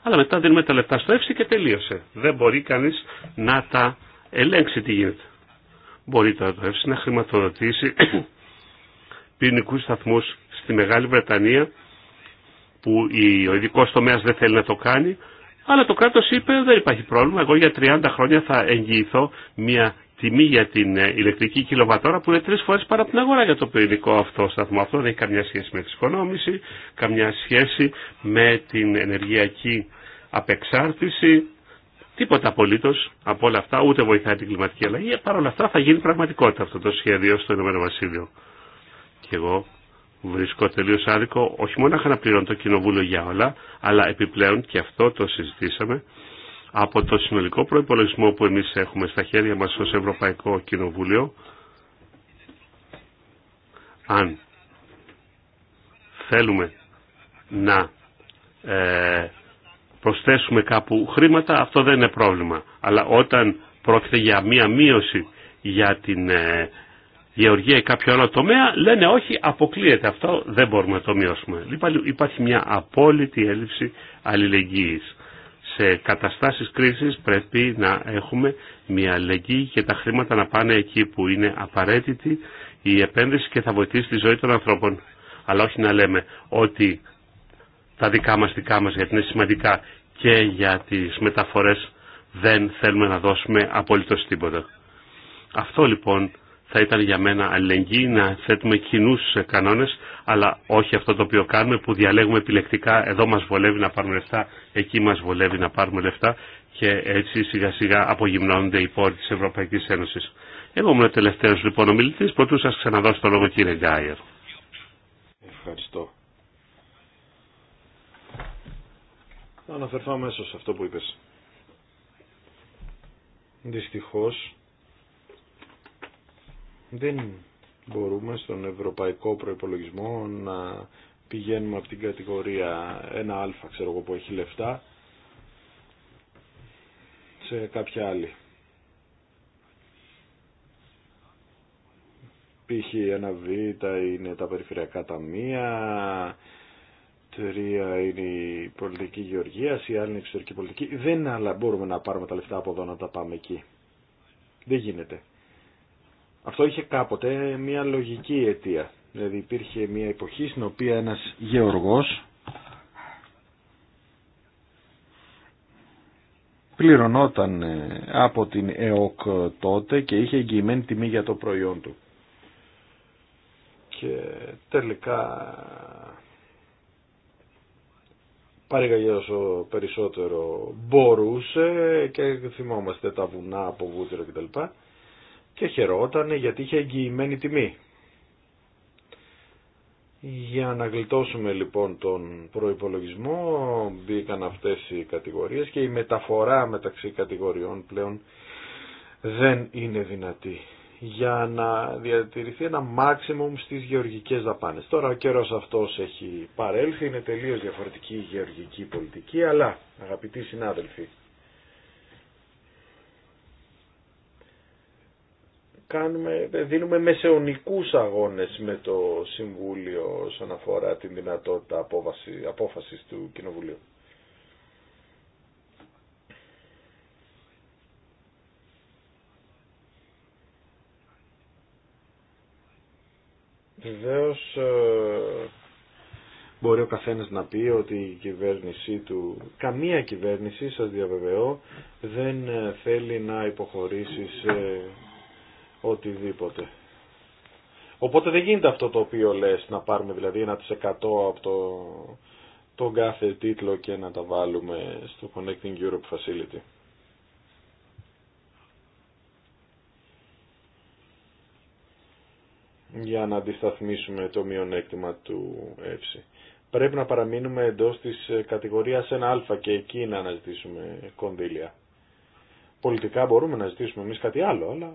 Αλλά μετά δίνουμε τα λεπτά στο εύση και τελείωσε. Δεν μπορεί κανείς να τα ελέγξει τι γίνεται. Μπορεί τώρα το εύση να χρηματοδοτήσει ποινικού σταθμού στη Μεγάλη Βρετανία που ο ειδικό τομέα δεν θέλει να το κάνει, αλλά το κράτος είπε δεν υπάρχει πρόβλημα, εγώ για 30 χρόνια θα εγγυηθώ μια τιμή για την ε, ηλεκτρική κιλοβατόρα που είναι τρεις φορές παρά από την αγορά για το πυρηνικό αυτό σταθμό. Αυτό δεν έχει καμιά σχέση με εξοικονόμηση, καμιά σχέση με την ενεργειακή απεξάρτηση, τίποτα απολύτω από όλα αυτά, ούτε βοηθάει την κλιματική αλλαγή. Παρ' όλα αυτά θα γίνει πραγματικότητα αυτό το σχέδιο στο Ηνωμένο Βασίλειο. Και εγώ Βρίσκω τελείως άδικο όχι μόνο να χαναπληρώνω το κοινοβούλιο για όλα, αλλά επιπλέον και αυτό το συζητήσαμε από το συνολικό προϋπολογισμό που εμείς έχουμε στα χέρια μας ως Ευρωπαϊκό Κοινοβούλιο. Αν θέλουμε να ε, προσθέσουμε κάπου χρήματα, αυτό δεν είναι πρόβλημα. Αλλά όταν πρόκειται για μία μείωση για την ε, γεωργία ή κάποιο άλλο τομέα, λένε όχι, αποκλείεται αυτό, δεν μπορούμε να το μειώσουμε. Λοιπόν, υπάρχει μια απόλυτη έλλειψη αλληλεγγύης. Σε καταστάσεις κρίσης πρέπει να έχουμε μια αλληλεγγύη και τα χρήματα να πάνε εκεί που είναι απαραίτητη η επένδυση και θα βοηθήσει τη ζωή των ανθρώπων. Αλλά όχι να λέμε ότι τα δικά μας δικά μας γιατί είναι σημαντικά και για τις μεταφορές δεν θέλουμε να δώσουμε απολύτως τίποτα. Αυτό λοιπόν θα ήταν για μένα αλληλεγγύη να θέτουμε κοινού κανόνε, αλλά όχι αυτό το οποίο κάνουμε που διαλέγουμε επιλεκτικά. Εδώ μα βολεύει να πάρουμε λεφτά, εκεί μα βολεύει να πάρουμε λεφτά και έτσι σιγά σιγά απογυμνώνονται οι πόροι τη Ευρωπαϊκή Ένωση. Εγώ ήμουν ο τελευταίο λοιπόν ομιλητή, πρωτού σα ξαναδώ στο λόγο κύριε Γκάιερ. Ευχαριστώ. Θα αναφερθώ αμέσω σε αυτό που είπες. Δυστυχώς, δεν μπορούμε στον ευρωπαϊκό προϋπολογισμό να πηγαίνουμε από την κατηγορία 1α, ξέρω εγώ, που έχει λεφτά, σε κάποια άλλη. π.χ. ένα Β είναι τα περιφερειακά ταμεία, τρία είναι η πολιτική γεωργία, η άλλη είναι η εξωτερική πολιτική. Δεν άλλα μπορούμε να πάρουμε τα λεφτά από εδώ να τα πάμε εκεί. Δεν γίνεται. Αυτό είχε κάποτε μια λογική αιτία. Δηλαδή υπήρχε μια εποχή στην οποία ένας γεωργός πληρωνόταν ε, από την ΕΟΚ τότε και είχε εγγυημένη τιμή για το προϊόν του. Και τελικά παρήγαγε όσο περισσότερο μπορούσε και θυμόμαστε τα βουνά από βούτυρο κτλ και χαιρότανε γιατί είχε εγγυημένη τιμή. Για να γλιτώσουμε λοιπόν τον προϋπολογισμό μπήκαν αυτές οι κατηγορίες και η μεταφορά μεταξύ κατηγοριών πλέον δεν είναι δυνατή για να διατηρηθεί ένα maximum στις γεωργικές δαπάνες. Τώρα ο καιρός αυτός έχει παρέλθει, είναι τελείως διαφορετική η γεωργική πολιτική, αλλά αγαπητοί συνάδελφοι, κάνουμε, δίνουμε μεσεωνικούς αγώνες με το Συμβούλιο όσον αφορά την δυνατότητα απόφαση, απόφασης του Κοινοβουλίου. Βεβαίω ε, μπορεί ο καθένας να πει ότι η κυβέρνησή του, καμία κυβέρνηση σας διαβεβαιώ, δεν θέλει να υποχωρήσει σε οτιδήποτε. Οπότε δεν γίνεται αυτό το οποίο λες να πάρουμε δηλαδή 1% από το, τον κάθε τίτλο και να τα βάλουμε στο Connecting Europe Facility. για να αντισταθμίσουμε το μειονέκτημα του ΕΦΣΗ. Πρέπει να παραμείνουμε εντός της ε, κατηγορίας 1α και εκεί να αναζητήσουμε κονδύλια. Πολιτικά μπορούμε να ζητήσουμε εμείς κάτι άλλο, αλλά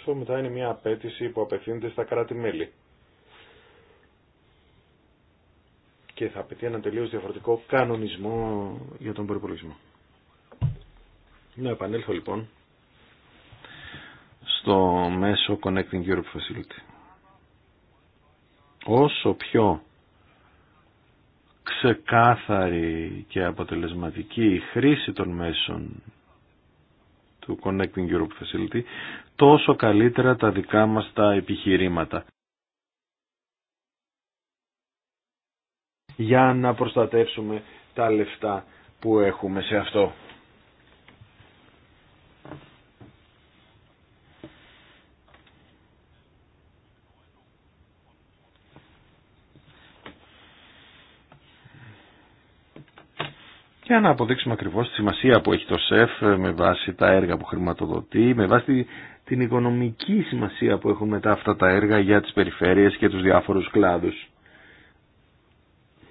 Αυτό μετά είναι μια απέτηση που απευθύνεται στα κράτη-μέλη. Και θα απαιτεί ένα τελείω διαφορετικό κανονισμό για τον προπολογισμό. Να επανέλθω λοιπόν στο μέσο Connecting Europe Facility. Όσο πιο ξεκάθαρη και αποτελεσματική η χρήση των μέσων του Connecting Europe Facility, τόσο καλύτερα τα δικά μας τα επιχειρήματα. Για να προστατεύσουμε τα λεφτά που έχουμε σε αυτό. για να αποδείξουμε ακριβώς τη σημασία που έχει το ΣΕΦ με βάση τα έργα που χρηματοδοτεί, με βάση την οικονομική σημασία που έχουν μετά αυτά τα έργα για τις περιφέρειες και τους διάφορους κλάδους.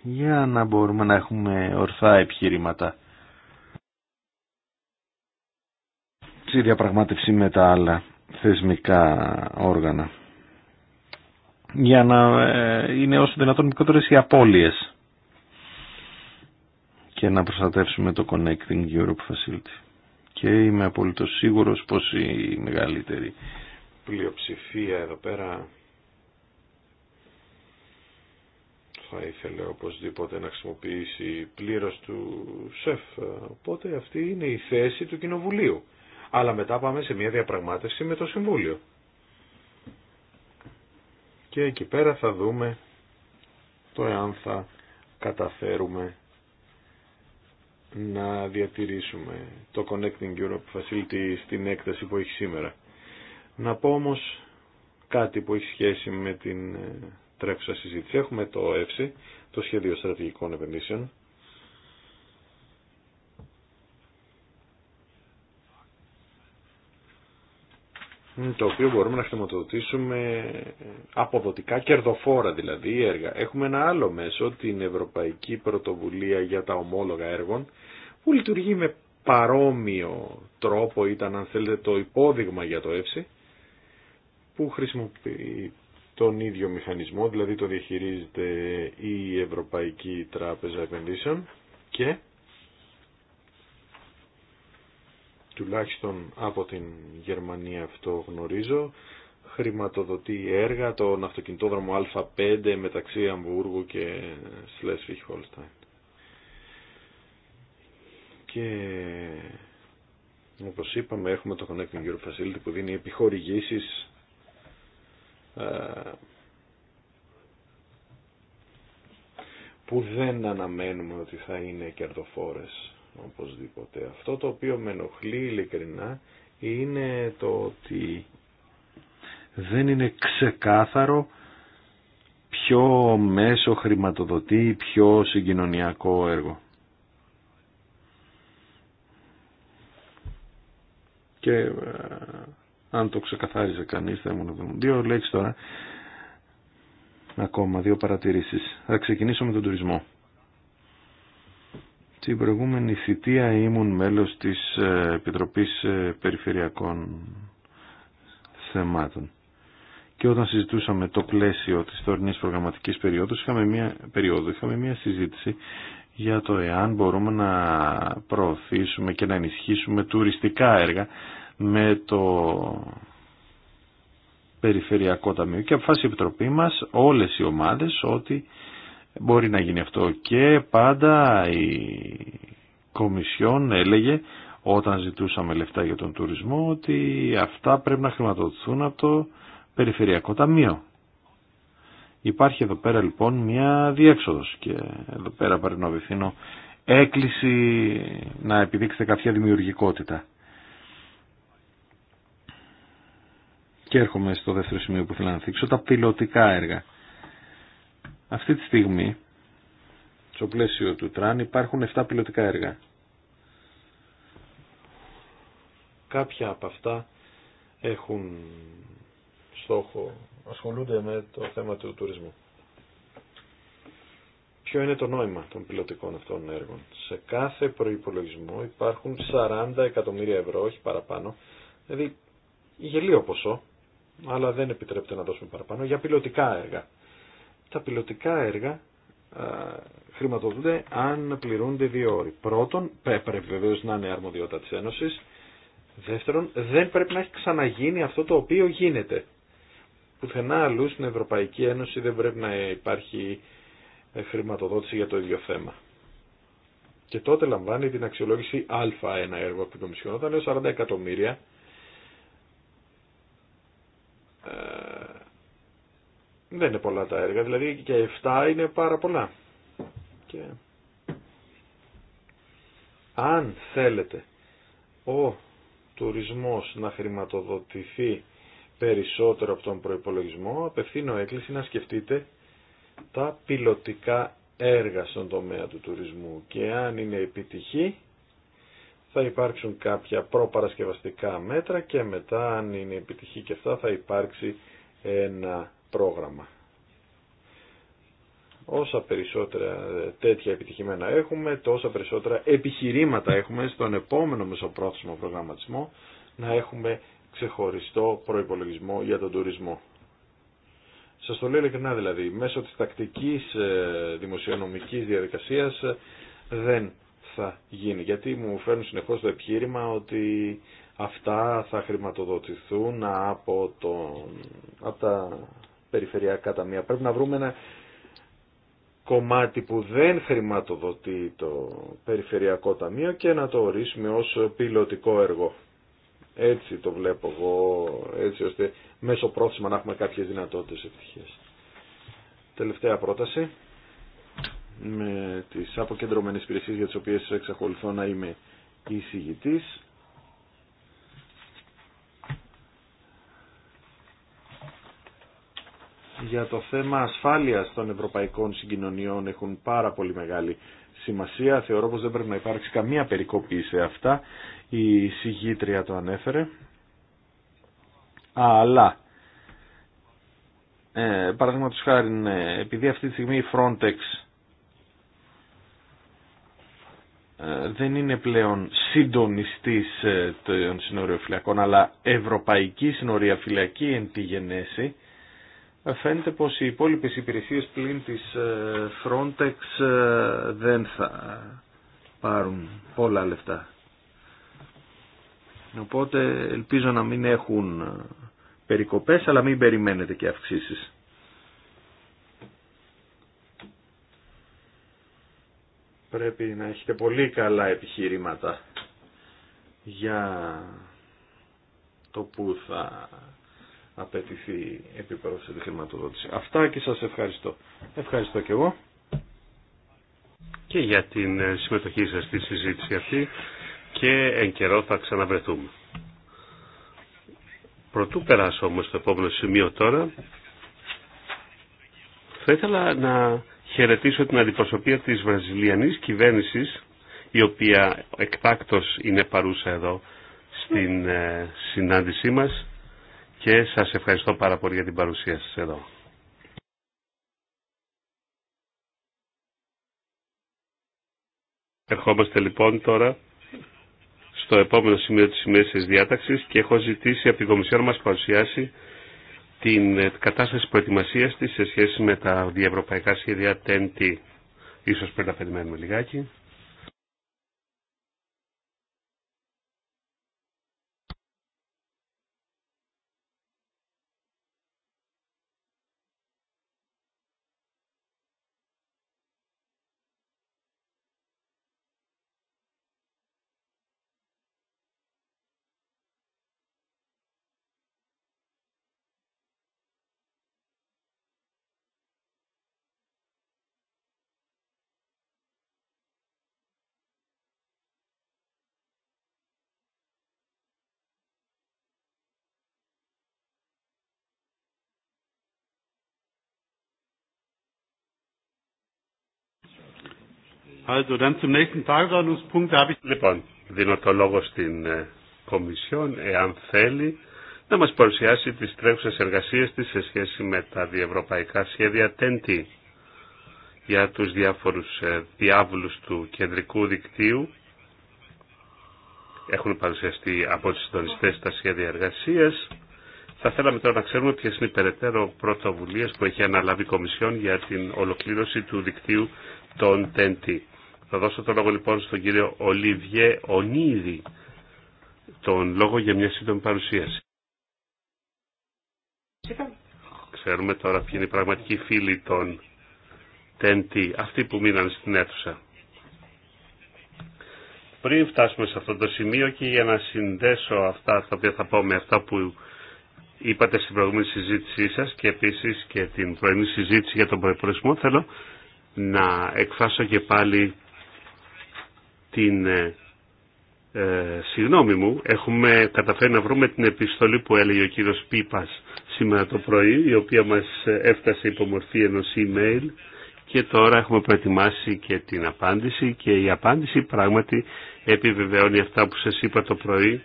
Για να μπορούμε να έχουμε ορθά επιχειρήματα. Στη διαπραγμάτευση με τα άλλα θεσμικά όργανα. Για να ε, είναι όσο δυνατόν μικρότερες οι απώλειες και να προστατεύσουμε το Connecting Europe Facility. Και είμαι απολύτως σίγουρος πως η μεγαλύτερη πλειοψηφία εδώ πέρα θα ήθελε οπωσδήποτε να χρησιμοποιήσει πλήρως του ΣΕΦ. Οπότε αυτή είναι η θέση του Κοινοβουλίου. Αλλά μετά πάμε σε μια διαπραγμάτευση με το Συμβούλιο. Και εκεί πέρα θα δούμε το εάν θα καταφέρουμε να διατηρήσουμε το Connecting Europe Facility στην έκταση που έχει σήμερα. Να πω όμως κάτι που έχει σχέση με την ε, τρέχουσα συζήτηση. Έχουμε το ΕΦΣΙ, το Σχέδιο Στρατηγικών Επενδύσεων, το οποίο μπορούμε να χρηματοδοτήσουμε αποδοτικά κερδοφόρα δηλαδή έργα. Έχουμε ένα άλλο μέσο, την Ευρωπαϊκή Πρωτοβουλία για τα Ομόλογα Έργων, που λειτουργεί με παρόμοιο τρόπο, ήταν αν θέλετε το υπόδειγμα για το ΕΦΣΥ, που χρησιμοποιεί τον ίδιο μηχανισμό, δηλαδή το διαχειρίζεται η Ευρωπαϊκή Τράπεζα Επενδύσεων και τουλάχιστον από την Γερμανία αυτό γνωρίζω, χρηματοδοτεί έργα τον αυτοκινητόδρομο Α5 μεταξύ Αμβούργου και Σλέσφιχ Χολστάιν. Και όπως είπαμε έχουμε το Connecting Europe Facility που δίνει επιχορηγήσεις ε, που δεν αναμένουμε ότι θα είναι κερδοφόρες οπωσδήποτε. Αυτό το οποίο με ενοχλεί ειλικρινά είναι το ότι δεν είναι ξεκάθαρο ποιο μέσο χρηματοδοτεί πιο συγκοινωνιακό έργο. Και ε, αν το ξεκαθάριζε κανείς θα ήμουν δύο λέξεις τώρα ακόμα δύο παρατηρήσεις. Θα ξεκινήσω με τον τουρισμό. Την προηγούμενη θητεία ήμουν μέλος της ε, Επιτροπής ε, Περιφερειακών Θεμάτων. Και όταν συζητούσαμε το πλαίσιο της τωρινής προγραμματικής περίοδου, είχαμε μια, περίοδο, είχαμε μια συζήτηση για το εάν μπορούμε να προωθήσουμε και να ενισχύσουμε τουριστικά έργα με το Περιφερειακό Ταμείο. Και αποφάσισε η Επιτροπή μας, όλες οι ομάδες, ότι Μπορεί να γίνει αυτό και πάντα η Κομισιόν έλεγε όταν ζητούσαμε λεφτά για τον τουρισμό ότι αυτά πρέπει να χρηματοδοτηθούν από το Περιφερειακό Ταμείο. Υπάρχει εδώ πέρα λοιπόν μια διέξοδος και εδώ πέρα απευθύνω έκκληση να επιδείξετε κάποια δημιουργικότητα. Και έρχομαι στο δεύτερο σημείο που θέλω να θίξω, τα πιλωτικά έργα. Αυτή τη στιγμή, στο πλαίσιο του τραν, υπάρχουν 7 πιλωτικά έργα. Κάποια από αυτά έχουν στόχο, ασχολούνται με το θέμα του τουρισμού. Ποιο είναι το νόημα των πιλωτικών αυτών έργων. Σε κάθε προϋπολογισμό υπάρχουν 40 εκατομμύρια ευρώ, όχι παραπάνω, δηλαδή γελίο ποσό, αλλά δεν επιτρέπεται να δώσουμε παραπάνω, για πιλωτικά έργα τα πιλωτικά έργα ε, χρηματοδοτούνται αν πληρούνται δύο όροι. Πρώτον, πρέπει βεβαίω να είναι αρμοδιότητα τη Ένωση, Δεύτερον, δεν πρέπει να έχει ξαναγίνει αυτό το οποίο γίνεται. Πουθενά αλλού στην Ευρωπαϊκή Ένωση δεν πρέπει να υπάρχει ε, χρηματοδότηση για το ίδιο θέμα. Και τότε λαμβάνει την αξιολόγηση Α ένα έργο από την Κομισιόν. Όταν λέω 40 εκατομμύρια, ε, δεν είναι πολλά τα έργα, δηλαδή και 7 είναι πάρα πολλά. Και... Αν θέλετε ο τουρισμός να χρηματοδοτηθεί περισσότερο από τον προϋπολογισμό, απευθύνω έκκληση να σκεφτείτε τα πιλωτικά έργα στον τομέα του τουρισμού και αν είναι επιτυχή θα υπάρξουν κάποια προπαρασκευαστικά μέτρα και μετά αν είναι επιτυχή και αυτά θα υπάρξει ένα πρόγραμμα. Όσα περισσότερα τέτοια επιτυχημένα έχουμε, τόσα περισσότερα επιχειρήματα έχουμε στον επόμενο μεσοπρόθεσμο προγραμματισμό να έχουμε ξεχωριστό προϋπολογισμό για τον τουρισμό. Σας το λέω ειλικρινά δηλαδή, μέσω της τακτικής ε, δημοσιονομικής διαδικασίας ε, δεν θα γίνει. Γιατί μου φέρνουν συνεχώς το επιχείρημα ότι Αυτά θα χρηματοδοτηθούν από, το, από τα περιφερειακά ταμεία. Πρέπει να βρούμε ένα κομμάτι που δεν χρηματοδοτεί το Περιφερειακό Ταμείο και να το ορίσουμε ως πιλωτικό έργο. Έτσι το βλέπω εγώ, έτσι ώστε μέσω πρόθεσμα να έχουμε κάποιες δυνατότητες ευτυχίες. Τελευταία πρόταση με τις αποκεντρωμένες υπηρεσίες για τις οποίες εξακολουθώ να είμαι εισηγητής για το θέμα ασφάλειας των ευρωπαϊκών συγκοινωνιών έχουν πάρα πολύ μεγάλη σημασία. Θεωρώ πως δεν πρέπει να υπάρξει καμία περικοπή σε αυτά. Η συγγήτρια το ανέφερε. Αλλά, ε, παραδείγματος χάρη, ναι, επειδή αυτή τη στιγμή η Frontex ε, δεν είναι πλέον συντονιστής ε, των συνοριοφυλακών, αλλά ευρωπαϊκή συνοριοφυλακή εν τη γενέση, φαίνεται πως οι υπόλοιπες υπηρεσίες πλην της ε, Frontex ε, δεν θα πάρουν πολλά λεφτά. Οπότε ελπίζω να μην έχουν ε, περικοπές αλλά μην περιμένετε και αυξήσεις. Πρέπει να έχετε πολύ καλά επιχειρήματα για το που θα απαιτηθεί επιπρόσθετη χρηματοδότηση. Αυτά και σας ευχαριστώ. Ευχαριστώ και εγώ. Και για την ε, συμμετοχή σας στη συζήτηση αυτή και εν καιρό θα ξαναβρεθούμε. Πρωτού περάσω όμως στο επόμενο σημείο τώρα, θα ήθελα να χαιρετήσω την αντιπροσωπεία της βραζιλιανής κυβέρνησης, η οποία εκτάκτος είναι παρούσα εδώ στην ε, συνάντησή μας και σας ευχαριστώ πάρα πολύ για την παρουσία σας εδώ. Ερχόμαστε λοιπόν τώρα στο επόμενο σημείο της σημερινής διάταξης και έχω ζητήσει από την Κομισιόν να μας παρουσιάσει την κατάσταση προετοιμασίας της σε σχέση με τα διευρωπαϊκά σχέδια TEN-T. Ίσως πρέπει να περιμένουμε λιγάκι. Λοιπόν, δίνω το λόγο στην ε, Κομισιόν, εάν θέλει, να μας παρουσιάσει τις τρέχουσες εργασίες της σε σχέση με τα διευρωπαϊκά σχέδια για τους διάφορους ε, διάβολους του κεντρικού δικτύου. Έχουν παρουσιαστεί από τις συντονιστές τα σχέδια εργασίας. Θα θέλαμε τώρα να ξέρουμε ποιες είναι οι περαιτέρω πρωτοβουλίες που έχει αναλάβει η Κομισιόν για την ολοκλήρωση του δικτύου των TNT. Θα δώσω το λόγο λοιπόν στον κύριο Ολιβιέ Ονίδη, τον λόγο για μια σύντομη παρουσίαση. Ξέρουμε τώρα ποιοι είναι οι πραγματικοί φίλοι των TNT, αυτοί που μείναν στην αίθουσα. Πριν φτάσουμε σε αυτό το σημείο και για να συνδέσω αυτά τα οποία θα πω με αυτά που είπατε στην προηγούμενη συζήτησή σας και επίσης και την πρωινή συζήτηση για τον προϋπολογισμό θέλω να εκφράσω και πάλι την ε, ε, συγγνώμη μου, έχουμε καταφέρει να βρούμε την επιστολή που έλεγε ο κύριος Πίπας σήμερα το πρωί, η οποία μας έφτασε υπό μορφή ενός email και τώρα έχουμε προετοιμάσει και την απάντηση και η απάντηση πράγματι επιβεβαιώνει αυτά που σας είπα το πρωί.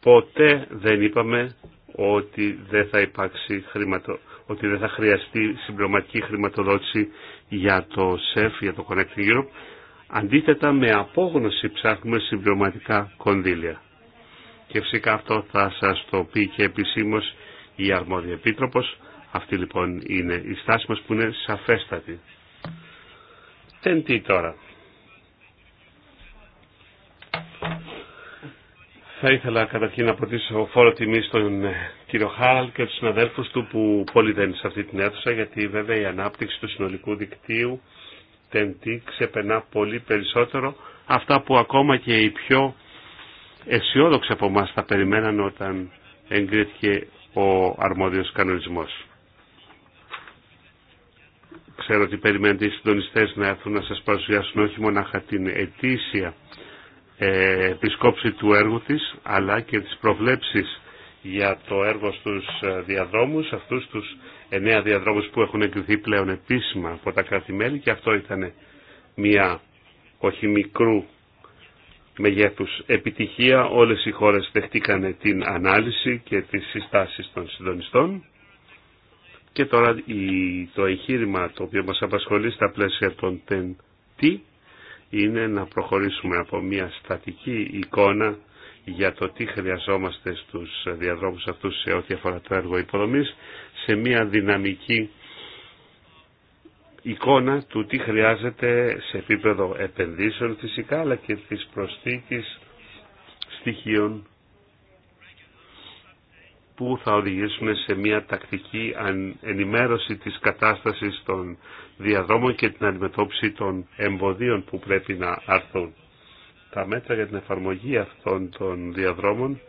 Ποτέ δεν είπαμε ότι δεν θα υπάρξει χρήματο, ότι δεν θα χρειαστεί συμπληρωματική χρηματοδότηση για το ΣΕΦ, για το Connecting Europe. Αντίθετα με απόγνωση ψάχνουμε συμπληρωματικά κονδύλια. Και φυσικά αυτό θα σας το πει και επισήμως η αρμόδια επίτροπος. Αυτή λοιπόν είναι η στάση μας που είναι σαφέστατη. Τεν τι τώρα. Θα ήθελα καταρχήν να ο φόρο τιμή στον ε, κύριο Χάραλ και τους συναδέλφους του που πολύ δεν είναι σε αυτή την αίθουσα γιατί βέβαια η ανάπτυξη του συνολικού δικτύου ξεπερνά πολύ περισσότερο αυτά που ακόμα και οι πιο αισιόδοξοι από εμά θα περιμέναν όταν εγκρίθηκε ο αρμόδιος κανονισμός. Ξέρω ότι περιμένετε οι συντονιστές να έρθουν να σας παρουσιάσουν όχι μονάχα την ετήσια ε, επισκόψη του έργου της, αλλά και τις προβλέψεις για το έργο στους ε, διαδρόμους, αυτούς τους εννέα διαδρόμους που έχουν εκδηθεί πλέον επίσημα από τα κράτη-μέλη και αυτό ήταν μια όχι μικρού μεγέθους επιτυχία. Όλες οι χώρες δεχτήκανε την ανάλυση και τις συστάσεις των συντονιστών. Και τώρα το εγχείρημα το οποίο μας απασχολεί στα πλαίσια των ten είναι να προχωρήσουμε από μια στατική εικόνα για το τι χρειαζόμαστε στους διαδρόμους αυτούς σε ό,τι αφορά το έργο υποδομής σε μια δυναμική εικόνα του τι χρειάζεται σε επίπεδο επενδύσεων φυσικά αλλά και της προσθήκης στοιχείων που θα οδηγήσουν σε μια τακτική ενημέρωση της κατάστασης των διαδρόμων και την αντιμετώπιση των εμποδίων που πρέπει να έρθουν τα μέτρα για την εφαρμογή αυτών των διαδρόμων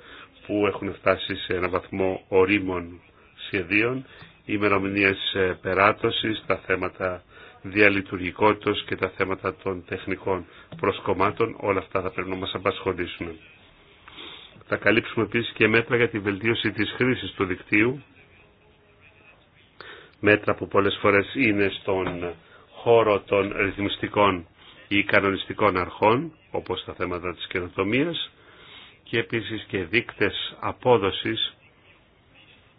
που έχουν φτάσει σε ένα βαθμό ορίμων σχεδίων, ημερομηνίε ε, περάτωσης, τα θέματα διαλειτουργικότητα και τα θέματα των τεχνικών προσκομμάτων, όλα αυτά θα πρέπει να μα απασχολήσουν. Θα καλύψουμε επίσης και μέτρα για τη βελτίωση της χρήση του δικτύου, μέτρα που πολλέ φορές είναι στον χώρο των ρυθμιστικών ή κανονιστικών αρχών, όπως τα θέματα της καινοτομίας και επίσης και δείκτες απόδοσης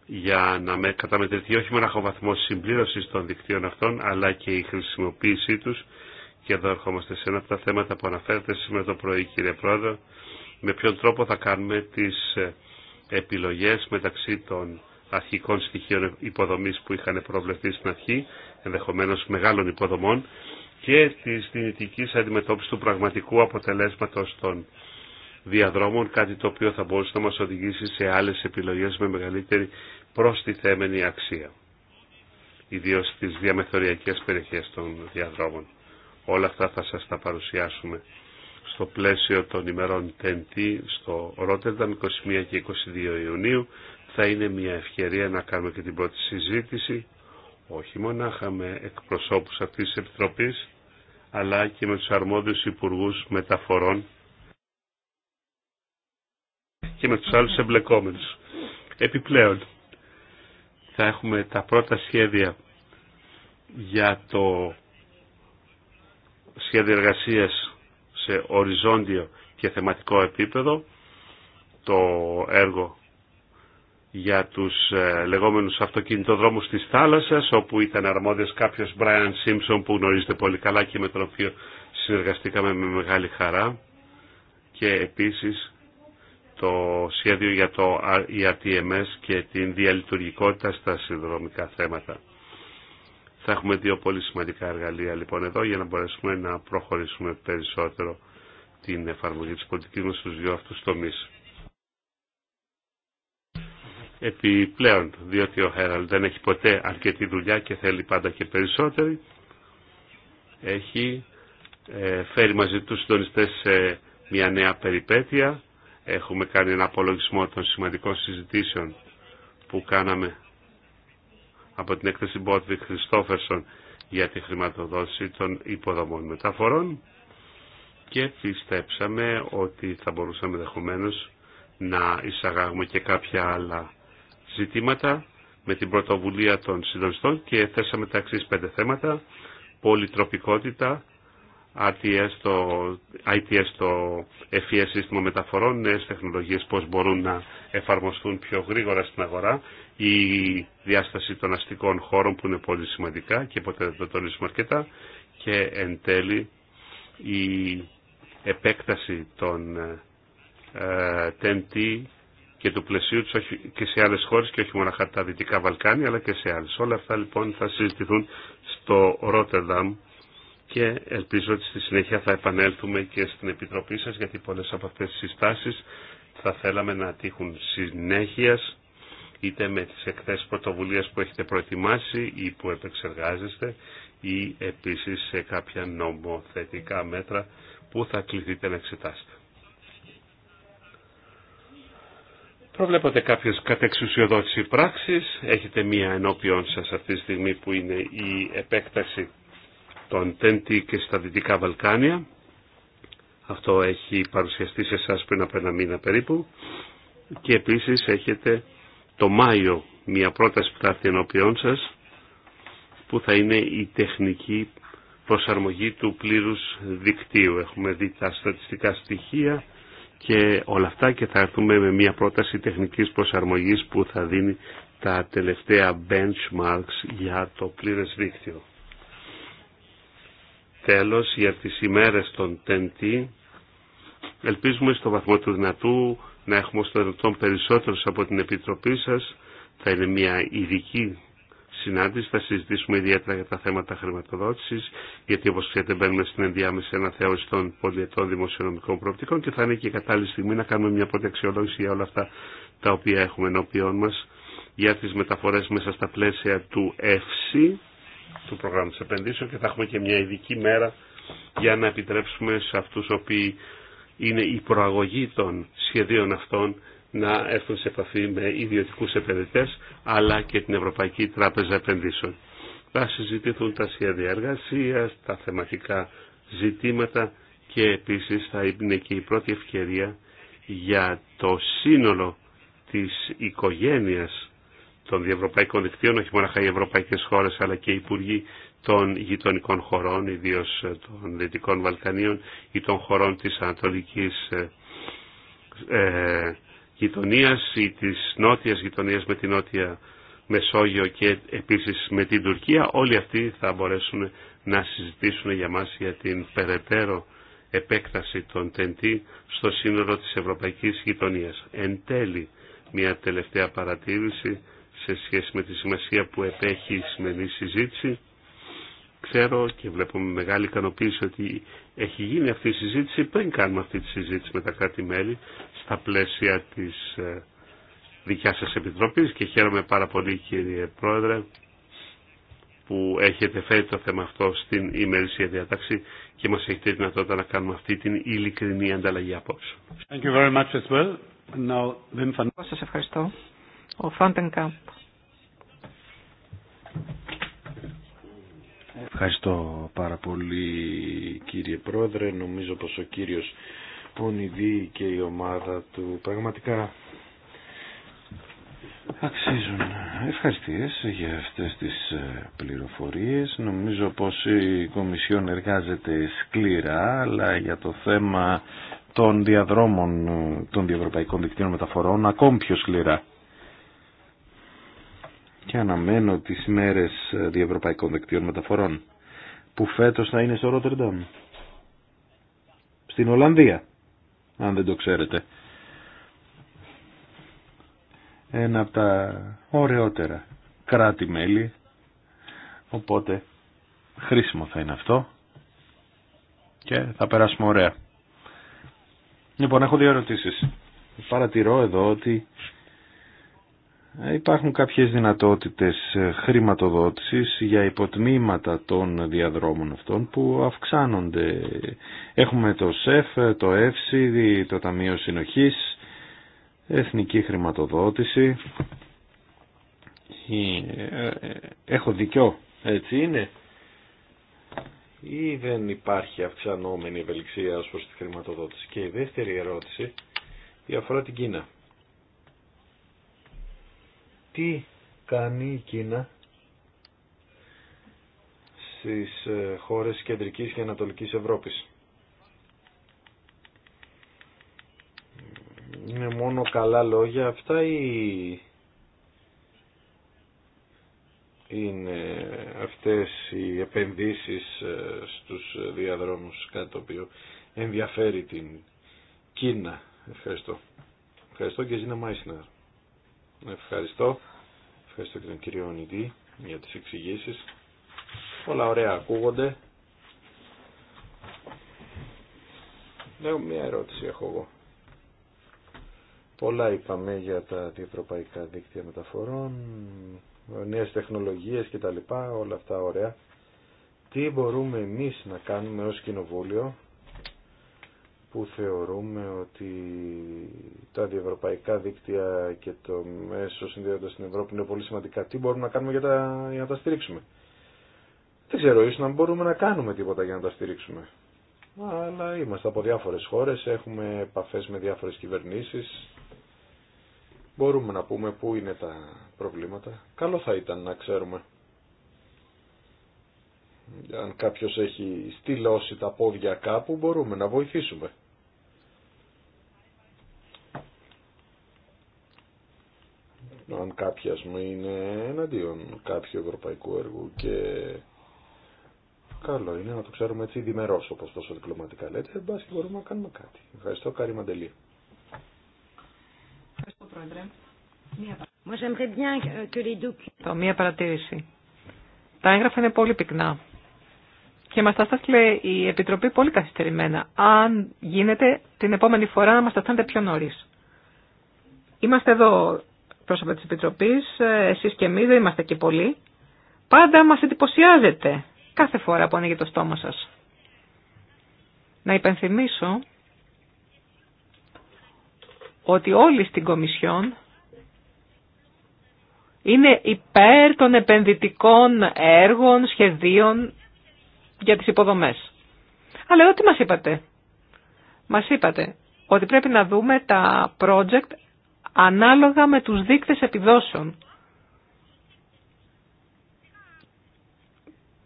για να με καταμετρηθεί όχι μόνο ο βαθμό συμπλήρωση των δικτύων αυτών, αλλά και η χρησιμοποίησή τους Και εδώ ερχόμαστε σε ένα από τα θέματα που αναφέρετε σήμερα το πρωί, κύριε Πρόεδρο. Με ποιον τρόπο θα κάνουμε τις ε, επιλογές μεταξύ των αρχικών στοιχείων υποδομή που είχαν προβλεφθεί στην αρχή, ενδεχομένως μεγάλων υποδομών, και της δυνητικής αντιμετώπισης του πραγματικού αποτελέσματος των διαδρόμων, κάτι το οποίο θα μπορούσε να μας οδηγήσει σε άλλες επιλογές με μεγαλύτερη προστιθέμενη αξία, ιδίως στις διαμεθοριακές περιοχές των διαδρόμων. Όλα αυτά θα σας τα παρουσιάσουμε στο πλαίσιο των ημερών TNT στο Ρότερνταμ 21 και 22 Ιουνίου. Θα είναι μια ευκαιρία να κάνουμε και την πρώτη συζήτηση, όχι μονάχα με εκπροσώπους αυτής της Επιτροπής, αλλά και με τους αρμόδιους υπουργούς μεταφορών και με τους άλλους εμπλεκόμενους. Επιπλέον, θα έχουμε τα πρώτα σχέδια για το σχέδιο εργασίας σε οριζόντιο και θεματικό επίπεδο, το έργο για τους ε, λεγόμενους αυτοκινητοδρόμους της θάλασσας, όπου ήταν αρμόδιος κάποιος Brian Simpson που γνωρίζετε πολύ καλά και με τον οποίο συνεργαστήκαμε με μεγάλη χαρά. Και επίσης το σχέδιο για το ERTMS και την διαλειτουργικότητα στα συνδρομικά θέματα. Θα έχουμε δύο πολύ σημαντικά εργαλεία λοιπόν εδώ για να μπορέσουμε να προχωρήσουμε περισσότερο την εφαρμογή της πολιτικής μας στους δύο αυτούς τομείς επιπλέον, διότι ο Χέραλ δεν έχει ποτέ αρκετή δουλειά και θέλει πάντα και περισσότερη. Έχει ε, φέρει μαζί τους συντονιστές σε μια νέα περιπέτεια. Έχουμε κάνει ένα απολογισμό των σημαντικών συζητήσεων που κάναμε από την έκθεση Μπότβιχ Χριστόφερσον για τη χρηματοδότηση των υποδομών μεταφορών και πιστέψαμε ότι θα μπορούσαμε δεχομένως να εισαγάγουμε και κάποια άλλα ζητήματα με την πρωτοβουλία των συντονιστών και θέσαμε τα εξή πέντε θέματα. Πολυτροπικότητα, ITS το, ITS το FES σύστημα μεταφορών, νέες τεχνολογίες πώς μπορούν να εφαρμοστούν πιο γρήγορα στην αγορά, η διάσταση των αστικών χώρων που είναι πολύ σημαντικά και ποτέ δεν το τονίσουμε αρκετά και εν τέλει η επέκταση των ε, TNT ε, και του πλαισίου τους και σε άλλες χώρες και όχι μόνο τα Δυτικά Βαλκάνια αλλά και σε άλλες. Όλα αυτά λοιπόν θα συζητηθούν στο Ρότερνταμ και ελπίζω ότι στη συνέχεια θα επανέλθουμε και στην Επιτροπή σας γιατί πολλές από αυτές τις συστάσεις θα θέλαμε να τύχουν συνέχεια είτε με τις εκθέσεις πρωτοβουλία που έχετε προετοιμάσει ή που επεξεργάζεστε ή επίσης σε κάποια νομοθετικά μέτρα που θα κληθείτε να εξετάσετε. Προβλέπονται κάποιες κατεξουσιοδότηση πράξεις. Έχετε μία ενώπιον σας αυτή τη στιγμή που είναι η επέκταση των Τέντη και στα Δυτικά Βαλκάνια. Αυτό έχει παρουσιαστεί σε εσά πριν από ένα μήνα περίπου. Και επίσης έχετε το Μάιο μία πρόταση που θα έρθει ενώπιον σας που θα είναι η τεχνική προσαρμογή του πλήρους δικτύου. Έχουμε δει τα στατιστικά στοιχεία και όλα αυτά και θα έρθουμε με μια πρόταση τεχνικής προσαρμογής που θα δίνει τα τελευταία benchmarks για το πλήρες δίκτυο. Τέλος, για τις ημέρες των TNT, ελπίζουμε στο βαθμό του δυνατού να έχουμε στον δυνατόν περισσότερους από την Επιτροπή σας. Θα είναι μια ειδική συνάντηση θα συζητήσουμε ιδιαίτερα για τα θέματα χρηματοδότησης, γιατί όπως ξέρετε μπαίνουμε στην ενδιάμεση αναθεώρηση των πολιετών δημοσιονομικών προοπτικών και θα είναι και η κατάλληλη στιγμή να κάνουμε μια πρώτη αξιολόγηση για όλα αυτά τα οποία έχουμε ενώπιόν μας για τις μεταφορές μέσα στα πλαίσια του ΕΦΣΥ, του προγράμματος επενδύσεων και θα έχουμε και μια ειδική μέρα για να επιτρέψουμε σε αυτούς οι οποίοι είναι η προαγωγή των σχεδίων αυτών να έρθουν σε επαφή με ιδιωτικούς επενδυτές αλλά και την Ευρωπαϊκή Τράπεζα Επενδύσεων. Θα συζητηθούν τα σχέδια εργασία, τα θεματικά ζητήματα και επίσης θα είναι και η πρώτη ευκαιρία για το σύνολο της οικογένειας των διευρωπαϊκών δικτύων, όχι μόνο οι ευρωπαϊκές χώρες αλλά και οι υπουργοί των γειτονικών χωρών, ιδίως των Δυτικών Βαλκανίων ή των χωρών της Ανατολικής ε, ε γειτονίας ή της νότιας γειτονίας με την νότια Μεσόγειο και επίσης με την Τουρκία, όλοι αυτοί θα μπορέσουν να συζητήσουν για μας για την περαιτέρω επέκταση των τεντή στο σύνολο της Ευρωπαϊκής Γειτονίας. Εν τέλει, μια τελευταία παρατήρηση σε σχέση με τη σημασία που επέχει η σημερινή συζήτηση. Ξέρω και βλέπω με μεγάλη ικανοποίηση ότι έχει γίνει αυτή η συζήτηση πριν κάνουμε αυτή τη συζήτηση με τα κράτη-μέλη στα πλαίσια της ε, δικιάς σας επιτροπής και χαίρομαι πάρα πολύ κύριε Πρόεδρε που έχετε φέρει το θέμα αυτό στην ημερήσια διάταξη και μας έχετε δυνατότητα να κάνουμε αυτή την ειλικρινή ανταλλαγή από Thank you very much as well. Now, Wim ευχαριστώ. Ο Φάντενκαμπ. Ευχαριστώ πάρα πολύ κύριε Πρόεδρε. Νομίζω πως ο κύριος Πονηδί λοιπόν και η ομάδα του πραγματικά αξίζουν ευχαριστίες για αυτές τις ε, πληροφορίες. Νομίζω πως η Κομισιόν εργάζεται σκληρά, αλλά για το θέμα των διαδρόμων των διευρωπαϊκών δικτύων μεταφορών ακόμη πιο σκληρά. Και αναμένω τις μέρες διευρωπαϊκών δικτύων μεταφορών, που φέτος θα είναι στο Ρότερνταμ, στην Ολλανδία αν δεν το ξέρετε. Ένα από τα ωραιότερα κράτη-μέλη, οπότε χρήσιμο θα είναι αυτό και θα περάσουμε ωραία. Λοιπόν, έχω δύο ερωτήσεις. Παρατηρώ εδώ ότι Υπάρχουν κάποιες δυνατότητες ε, χρηματοδότησης για υποτμήματα των διαδρόμων αυτών που αυξάνονται. Έχουμε το ΣΕΦ, το ΕΦΣΥ, το Ταμείο Συνοχής, Εθνική Χρηματοδότηση. Ε, ε, έχω δικιό, έτσι είναι. Ή δεν υπάρχει αυξανόμενη ευελιξία ως προς τη χρηματοδότηση. Και η δεύτερη ερώτηση αφορά την Κίνα τι κάνει η Κίνα στις ε, χώρες κεντρικής και ανατολικής Ευρώπης. Είναι μόνο καλά λόγια αυτά ή είναι αυτές οι επενδύσεις ε, στους διαδρόμους κάτι το οποίο ενδιαφέρει την Κίνα. Ευχαριστώ. Ευχαριστώ και Ζήνα Μάισνερ. Ευχαριστώ. Ευχαριστώ και τον κύριο Ονιδή για τις εξηγήσει Όλα ωραία ακούγονται. Έχω μία ερώτηση έχω εγώ. Πολλά είπαμε για τα διευρωπαϊκά δίκτυα μεταφορών, νέες τεχνολογίες κτλ. Όλα αυτά ωραία. Τι μπορούμε εμείς να κάνουμε ως κοινοβούλιο που θεωρούμε ότι τα διευρωπαϊκά δίκτυα και το μέσο συνδέοντα στην Ευρώπη είναι πολύ σημαντικά. Τι μπορούμε να κάνουμε για, τα, να τα στηρίξουμε. Δεν ξέρω, ίσως να μπορούμε να κάνουμε τίποτα για να τα στηρίξουμε. Αλλά είμαστε από διάφορες χώρες, έχουμε επαφές με διάφορες κυβερνήσεις. Μπορούμε να πούμε πού είναι τα προβλήματα. Καλό θα ήταν να ξέρουμε. Αν κάποιος έχει στυλώσει τα πόδια κάπου μπορούμε να βοηθήσουμε. αν μου είναι εναντίον κάποιου ευρωπαϊκού έργου και καλό είναι να το ξέρουμε έτσι διμερώς όπως τόσο διπλωματικά λέτε, εν πάση μπορούμε να κάνουμε κάτι. Ευχαριστώ Κάρη Μαντελή. Ευχαριστώ Πρόεδρε. Μία, παρατήρηση. Τα έγγραφα είναι πολύ πυκνά. Και μας τα στάσκει η Επιτροπή πολύ καθυστερημένα. Αν γίνεται την επόμενη φορά να μας τα πιο νωρίς. Είμαστε εδώ πρόσωπα της Επιτροπής, ε, εσείς και εμείς δεν είμαστε και πολλοί, πάντα μας εντυπωσιάζετε κάθε φορά που ανοίγει το στόμα σας. Να υπενθυμίσω ότι όλοι στην Κομισιόν είναι υπέρ των επενδυτικών έργων, σχεδίων για τις υποδομές. Αλλά ό,τι τι μας είπατε. Μας είπατε ότι πρέπει να δούμε τα project ανάλογα με τους δείκτες επιδόσεων.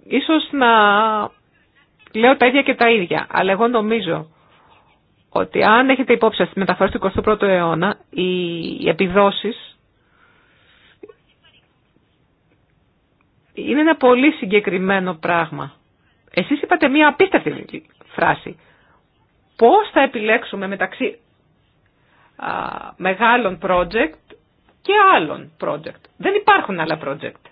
Ίσως να λέω τα ίδια και τα ίδια, αλλά εγώ νομίζω ότι αν έχετε υπόψη στη μεταφορά του 21ου αιώνα, οι επιδόσεις είναι ένα πολύ συγκεκριμένο πράγμα. Εσείς είπατε μία απίστευτη φράση. Πώς θα επιλέξουμε μεταξύ μεγάλων project και άλλων project. Δεν υπάρχουν άλλα project.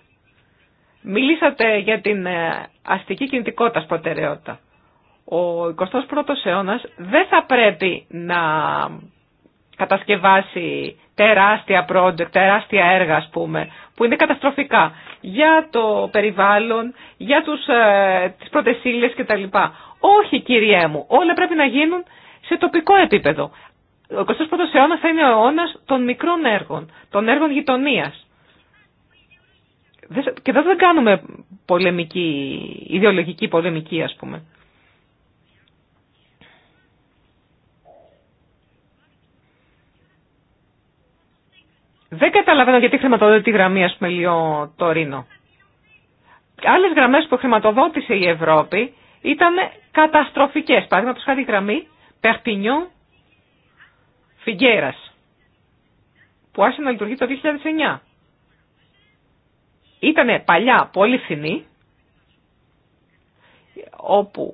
Μιλήσατε για την ε, αστική κινητικότητα προτεραιότητα. Ο 21ος αιώνας δεν θα πρέπει να κατασκευάσει τεράστια project, τεράστια έργα ας πούμε, που είναι καταστροφικά για το περιβάλλον, για τους, ε, τις πρώτες κτλ. Όχι κύριέ μου, όλα πρέπει να γίνουν σε τοπικό επίπεδο ο 21 ο αιωνα θα είναι ο αιώνα των μικρών έργων, των έργων γειτονία. Και εδώ δεν κάνουμε πολεμική, ιδεολογική πολεμική ας πούμε. Δεν καταλαβαίνω γιατί χρηματοδότησε τη γραμμή, ας πούμε, το Τωρίνο. Άλλες γραμμές που χρηματοδότησε η Ευρώπη ήταν καταστροφικές. Παραδείγματος χάρη γραμμή Περπινιό Φιγκέρας, που άρχισε να λειτουργεί το 2009. Ήτανε παλιά πολύ φθηνή, όπου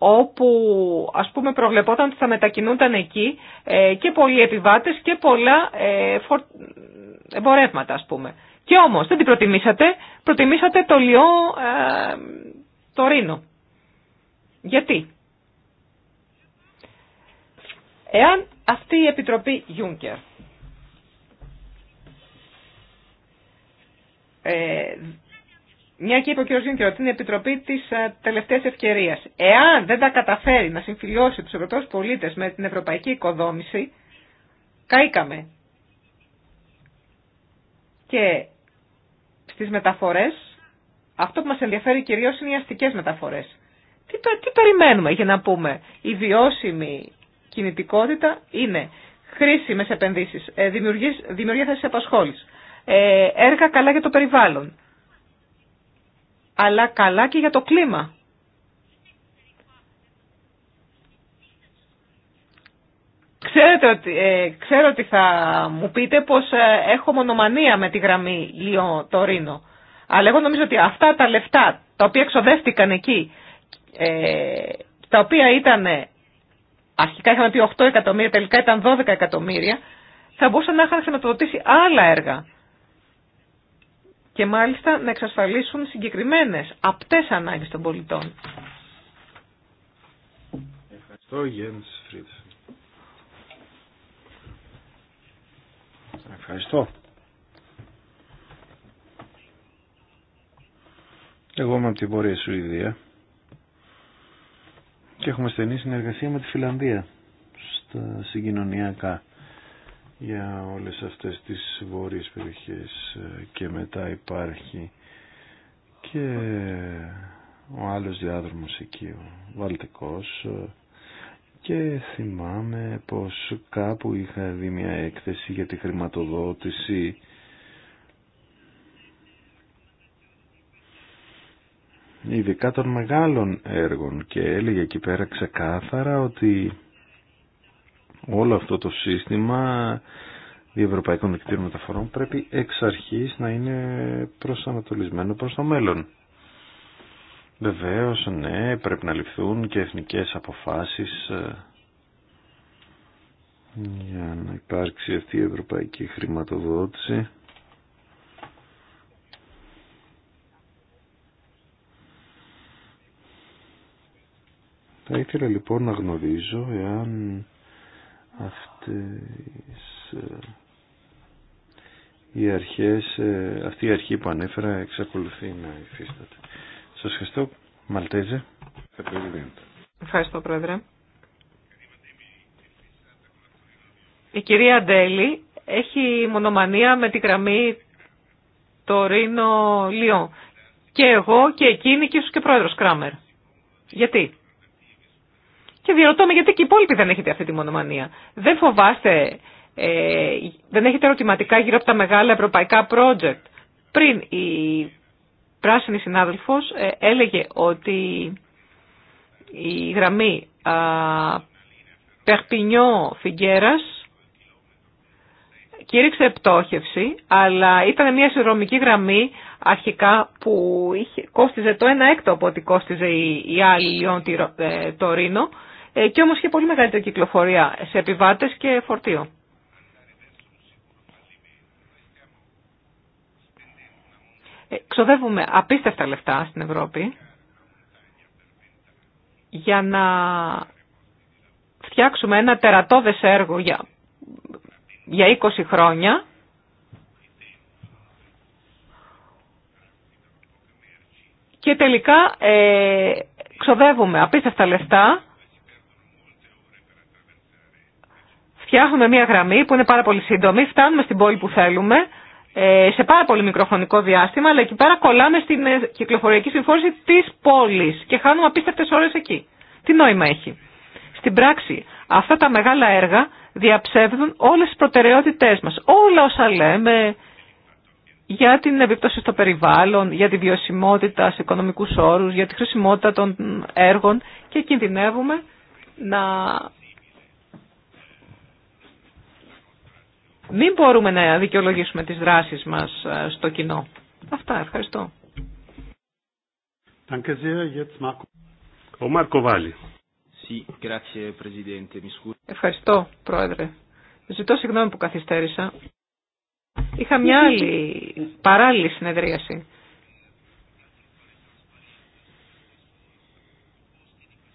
όπου ας πούμε προβλεπόταν ότι θα μετακινούνταν εκεί ε, και πολλοί επιβάτες και πολλά ε, εμπορεύματα ας πούμε. Και όμως δεν την προτιμήσατε, προτιμήσατε το λιό ε, το Ρήνο. Γιατί. Εάν αυτή η Επιτροπή Juncker ε, μια και είπε ο κ. Γιούνκερ ότι είναι η Επιτροπή τη ε, τελευταία ευκαιρία. Εάν δεν τα καταφέρει να συμφιλιώσει του Ευρωπαίου πολίτε με την ευρωπαϊκή οικοδόμηση, καήκαμε. Και στις μεταφορέ, αυτό που μα ενδιαφέρει κυρίω είναι οι αστικέ μεταφορέ. Τι, τι περιμένουμε για να πούμε η βιώσιμη κινητικότητα είναι χρήσιμες επενδύσεις, ε, δημιουργία θέσης ε, έργα καλά για το περιβάλλον, αλλά καλά και για το κλίμα. Ξέρετε ότι, ε, ξέρω ότι θα μου πείτε πως ε, έχω μονομανία με τη γραμμή Λιό-Τωρίνο. Αλλά εγώ νομίζω ότι αυτά τα λεφτά τα οποία εξοδεύτηκαν εκεί, ε, τα οποία ήταν αρχικά είχαμε πει 8 εκατομμύρια, τελικά ήταν 12 εκατομμύρια, θα μπορούσαν να είχαν χρηματοδοτήσει άλλα έργα. Και μάλιστα να εξασφαλίσουν συγκεκριμένες, απτές ανάγκες των πολιτών. Ευχαριστώ, Γιάννης Φρίτς. Ευχαριστώ. Εγώ είμαι από την Βόρεια Σουηδία και έχουμε στενή συνεργασία με τη Φιλανδία στα συγκοινωνιακά για όλες αυτές τις βόρειες περιοχές και μετά υπάρχει και ο άλλος διάδρομος εκεί ο Βαλτικός και θυμάμαι πως κάπου είχα δει μια έκθεση για τη χρηματοδότηση ειδικά των μεγάλων έργων και έλεγε εκεί πέρα ξεκάθαρα ότι όλο αυτό το σύστημα διευρωπαϊκών δικτύων μεταφορών πρέπει εξ αρχής να είναι προσανατολισμένο προς το μέλλον. Βεβαίως, ναι, πρέπει να ληφθούν και εθνικές αποφάσεις ε, για να υπάρξει αυτή η ευρωπαϊκή χρηματοδότηση Θα ήθελα λοιπόν να γνωρίζω εάν αυτές ε, οι αρχές, ε, αυτή η αρχή που ανέφερα εξακολουθεί να υφίσταται. Σας ευχαριστώ. Μαλτέζε. Ευχαριστώ Πρόεδρε. Η κυρία Αντέλη έχει μονομανία με τη γραμμή το Ρήνο Λιόν. Και εγώ και εκείνη και ίσως και πρόεδρος Κράμερ. Γιατί. Και διαρωτώ με γιατί και οι υπόλοιποι δεν έχετε αυτή τη μονομανία. Δεν φοβάστε, ε, δεν έχετε ερωτηματικά γύρω από τα μεγάλα ευρωπαϊκά project. Πριν η πράσινη συνάδελφος ε, έλεγε ότι η γραμμή Περπινιό Φιγκέρας κήρυξε πτώχευση, αλλά ήταν μια συνδρομική γραμμή αρχικά που είχε, κόστιζε το ένα έκτο από ό,τι κόστιζε η, η άλλη Λιόν το ε, Ρήνο ε, και όμως και πολύ μεγαλύτερη κυκλοφορία σε επιβάτες και φορτίο. Ε, ξοδεύουμε απίστευτα λεφτά στην Ευρώπη για να φτιάξουμε ένα τερατώδες έργο για, 20 χρόνια και τελικά ε, ξοδεύουμε απίστευτα λεφτά φτιάχνουμε μια γραμμή που είναι πάρα πολύ σύντομη, φτάνουμε στην πόλη που θέλουμε, ε, σε πάρα πολύ μικροχρονικό διάστημα, αλλά εκεί πέρα κολλάμε στην ε, κυκλοφοριακή συμφόρηση τη πόλη και χάνουμε απίστευτε ώρε εκεί. Τι νόημα έχει. Στην πράξη, αυτά τα μεγάλα έργα διαψεύδουν όλε τι προτεραιότητέ μα. Όλα όσα λέμε για την επίπτωση στο περιβάλλον, για τη βιωσιμότητα σε οικονομικού όρου, για τη χρησιμότητα των έργων και κινδυνεύουμε να μην μπορούμε να δικαιολογήσουμε τις δράσεις μας ε, στο κοινό. Αυτά, ευχαριστώ. Ευχαριστώ, Πρόεδρε. Ζητώ συγγνώμη που καθυστέρησα. Είχα μια άλλη παράλληλη συνεδρίαση.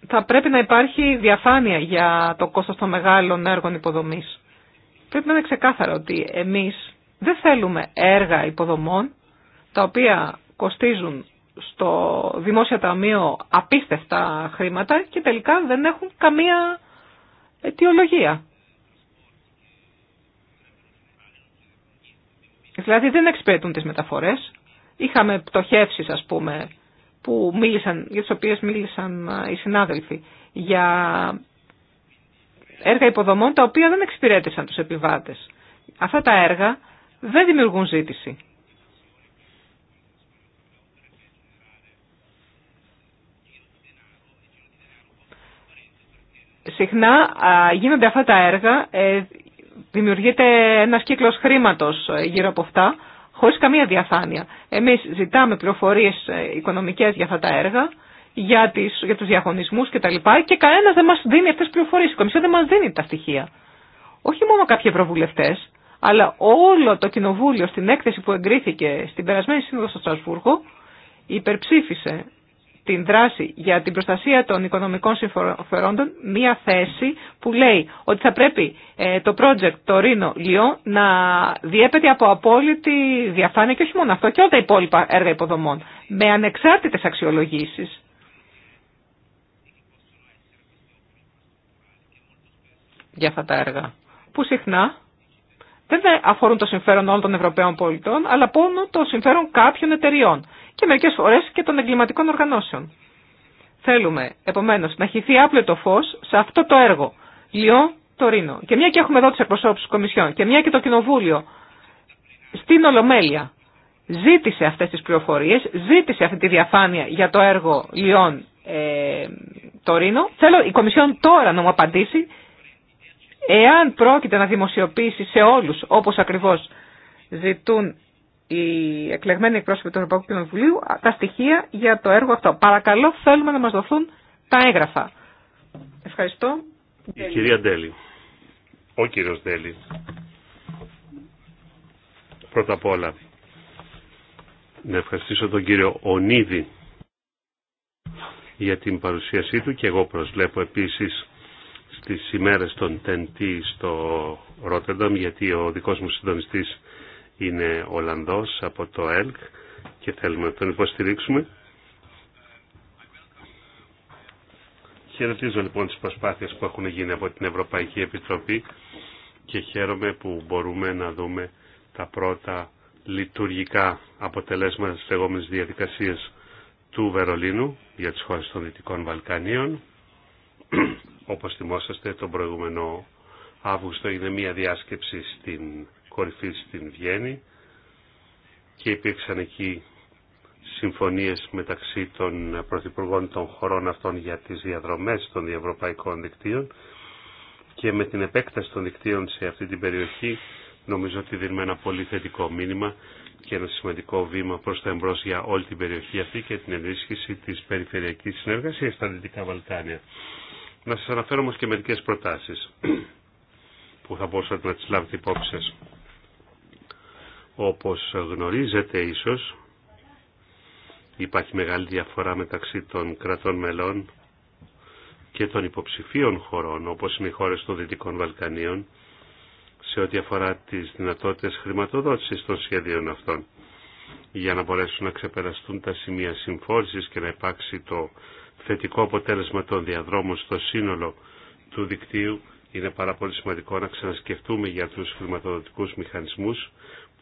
Θα πρέπει να υπάρχει διαφάνεια για το κόστος των μεγάλων έργων υποδομής. Πρέπει να είναι ξεκάθαρο ότι εμείς δεν θέλουμε έργα υποδομών τα οποία κοστίζουν στο Δημόσιο Ταμείο απίστευτα χρήματα και τελικά δεν έχουν καμία αιτιολογία. Δηλαδή δεν εξυπηρετούν τις μεταφορές. Είχαμε πτωχεύσεις ας πούμε που μίλησαν, για τις οποίες μίλησαν ε, οι συνάδελφοι για έργα υποδομών τα οποία δεν εξυπηρέτησαν τους επιβάτες. Αυτά τα έργα δεν δημιουργούν ζήτηση. Συχνά γίνονται αυτά τα έργα, ε, δημιουργείται ένας κύκλος χρήματος ε, γύρω από αυτά, χωρίς καμία διαφάνεια. Εμείς ζητάμε πληροφορίες ε, οικονομικές για αυτά τα έργα για, τις, για τους διαγωνισμούς και τα λοιπά και κανένας δεν μας δίνει αυτές τις πληροφορίες. Η Κομισιόν δεν μας δίνει τα στοιχεία. Όχι μόνο κάποιοι ευρωβουλευτές, αλλά όλο το Κοινοβούλιο στην έκθεση που εγκρίθηκε στην περασμένη σύνοδο στο Στρασβούργο υπερψήφισε την δράση για την προστασία των οικονομικών συμφερόντων μία θέση που λέει ότι θα πρέπει ε, το project το Ρήνο Λιό να διέπεται από απόλυτη διαφάνεια και όχι μόνο αυτό και όλα τα υπόλοιπα έργα υποδομών με ανεξάρτητες αξιολογήσεις για αυτά τα έργα, που συχνά δεν αφορούν το συμφέρον όλων των Ευρωπαίων πολιτών, αλλά μόνο το συμφέρον κάποιων εταιριών και μερικέ φορέ και των εγκληματικών οργανώσεων. Θέλουμε, επομένω, να χυθεί άπλετο φω σε αυτό το έργο. λιον το Και μια και έχουμε εδώ του εκπροσώπου τη Κομισιόν και μια και το Κοινοβούλιο στην Ολομέλεια ζήτησε αυτές τις πληροφορίε, ζήτησε αυτή τη διαφάνεια για το έργο Λιόν ε, Θέλω η Κομισιόν τώρα να μου απαντήσει Εάν πρόκειται να δημοσιοποιήσει σε όλους, όπως ακριβώς ζητούν οι εκλεγμένοι εκπρόσωποι του Ευρωπαϊκού Κοινοβουλίου, τα στοιχεία για το έργο αυτό. Παρακαλώ, θέλουμε να μας δοθούν τα έγγραφα. Ευχαριστώ. Η κυρία Ντέλη. Ο κύριος Ντέλη. Πρώτα απ' όλα, να ευχαριστήσω τον κύριο Ονίδη για την παρουσίασή του και εγώ προσβλέπω επίσης τις ημέρες των TNT στο Ρότερνταμ γιατί ο δικός μου συντονιστής είναι Ολλανδός από το ΕΛΚ και θέλουμε να τον υποστηρίξουμε. Χαιρετίζω λοιπόν τις προσπάθειες που έχουν γίνει από την Ευρωπαϊκή Επιτροπή και χαίρομαι που μπορούμε να δούμε τα πρώτα λειτουργικά αποτελέσματα της λεγόμενης διαδικασίας του Βερολίνου για τις χώρες των Δυτικών Βαλκανίων όπως θυμόσαστε τον προηγούμενο Αύγουστο έγινε μία διάσκεψη στην κορυφή στην Βιέννη και υπήρξαν εκεί συμφωνίες μεταξύ των πρωθυπουργών των χωρών αυτών για τις διαδρομές των διευρωπαϊκών δικτύων και με την επέκταση των δικτύων σε αυτή την περιοχή νομίζω ότι δίνουμε ένα πολύ θετικό μήνυμα και ένα σημαντικό βήμα προς τα εμπρός για όλη την περιοχή αυτή και την ενίσχυση της περιφερειακής συνεργασίας στα Δυτικά Βαλκάνια. Να σας αναφέρω όμως και μερικές προτάσεις που θα μπορούσατε να τις λάβετε υπόψη Όπως γνωρίζετε ίσως, υπάρχει μεγάλη διαφορά μεταξύ των κρατών μελών και των υποψηφίων χωρών, όπως είναι οι χώρες των Δυτικών Βαλκανίων, σε ό,τι αφορά τις δυνατότητες χρηματοδότησης των σχεδίων αυτών, για να μπορέσουν να ξεπεραστούν τα σημεία συμφόρησης και να υπάρξει το θετικό αποτέλεσμα των διαδρόμων στο σύνολο του δικτύου, είναι πάρα πολύ σημαντικό να ξανασκεφτούμε για τους χρηματοδοτικούς μηχανισμούς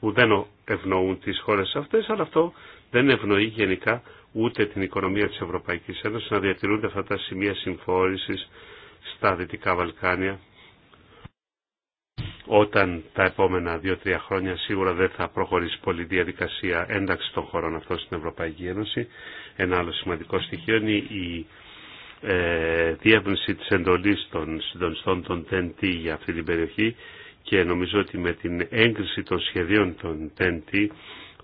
που δεν ευνοούν τις χώρες αυτές, αλλά αυτό δεν ευνοεί γενικά ούτε την οικονομία της Ευρωπαϊκής Ένωσης να διατηρούνται αυτά τα σημεία συμφόρησης στα Δυτικά Βαλκάνια όταν τα επόμενα δύο-τρία χρόνια σίγουρα δεν θα προχωρήσει πολύ διαδικασία ένταξη των χωρών αυτών στην Ευρωπαϊκή Ένωση. Ένα άλλο σημαντικό στοιχείο είναι η ε, διεύρυνση της εντολής των συντονιστών των TNT για αυτή την περιοχή και νομίζω ότι με την έγκριση των σχεδίων των TNT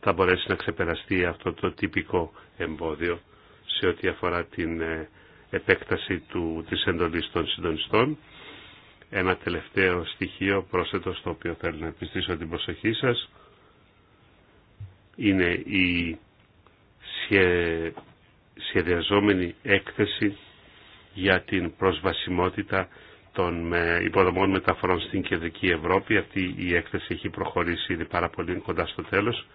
θα μπορέσει να ξεπεραστεί αυτό το τυπικό εμπόδιο σε ό,τι αφορά την ε, επέκταση του, της εντολής των συντονιστών ένα τελευταίο στοιχείο πρόσθετο στο οποίο θέλω να επιστήσω την προσοχή σας είναι η σχεδιαζόμενη έκθεση για την προσβασιμότητα των υποδομών μεταφορών στην Κεντρική Ευρώπη. Αυτή η έκθεση έχει προχωρήσει ήδη πάρα πολύ κοντά στο τέλος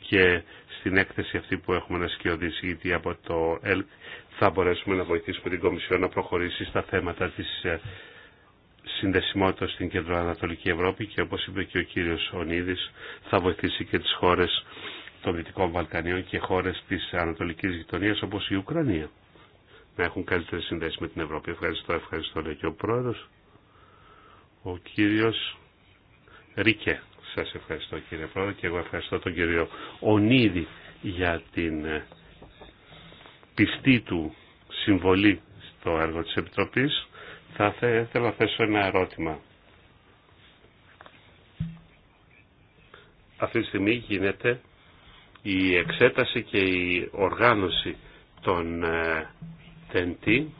και στην έκθεση αυτή που έχουμε να σκιωδήσει ήδη από το ΕΛΚ θα μπορέσουμε να βοηθήσουμε την Κομισιόν να προχωρήσει στα θέματα της ε, συνδεσιμότητα στην κεντροανατολική Ευρώπη και όπως είπε και ο κύριος Ονίδης θα βοηθήσει και τις χώρες των Δυτικών Βαλκανίων και χώρες της Ανατολικής Γειτονίας όπως η Ουκρανία να έχουν καλύτερη συνδέση με την Ευρώπη. Ευχαριστώ, ευχαριστώ και ο πρόεδρος, ο κύριος Ρίκε. Σας ευχαριστώ κύριε πρόεδρε και εγώ ευχαριστώ τον κύριο Ονίδη για την ε, πιστή του συμβολή στο έργο της Επιτροπής. Θα ήθελα να θέσω ένα ερώτημα. Αυτή τη στιγμή γίνεται η εξέταση και η οργάνωση των ε, τεντή.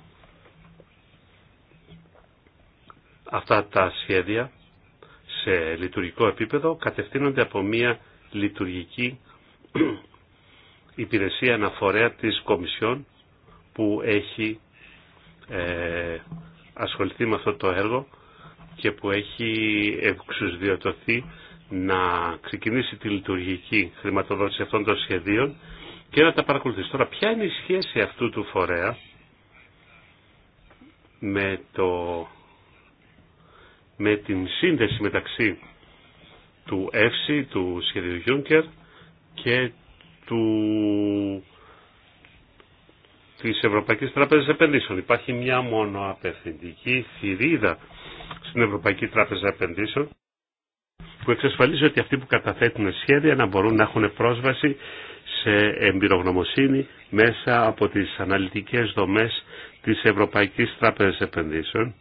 Αυτά τα σχέδια σε λειτουργικό επίπεδο κατευθύνονται από μια λειτουργική υπηρεσία αναφορέα της Κομισιόν που έχει ε, ασχοληθεί με αυτό το έργο και που έχει εξουσδιωτωθεί να ξεκινήσει τη λειτουργική χρηματοδότηση αυτών των σχεδίων και να τα παρακολουθήσει. Τώρα, ποια είναι η σχέση αυτού του φορέα με, το, με την σύνδεση μεταξύ του ΕΦΣΙ, του σχεδίου Juncker και του της Ευρωπαϊκής Τράπεζας Επενδύσεων. Υπάρχει μια μόνο απευθυντική θηρίδα στην Ευρωπαϊκή Τράπεζα Επενδύσεων που εξασφαλίζει ότι αυτοί που καταθέτουν σχέδια να μπορούν να έχουν πρόσβαση σε εμπειρογνωμοσύνη μέσα από τις αναλυτικές δομές της Ευρωπαϊκής Τράπεζας Επενδύσεων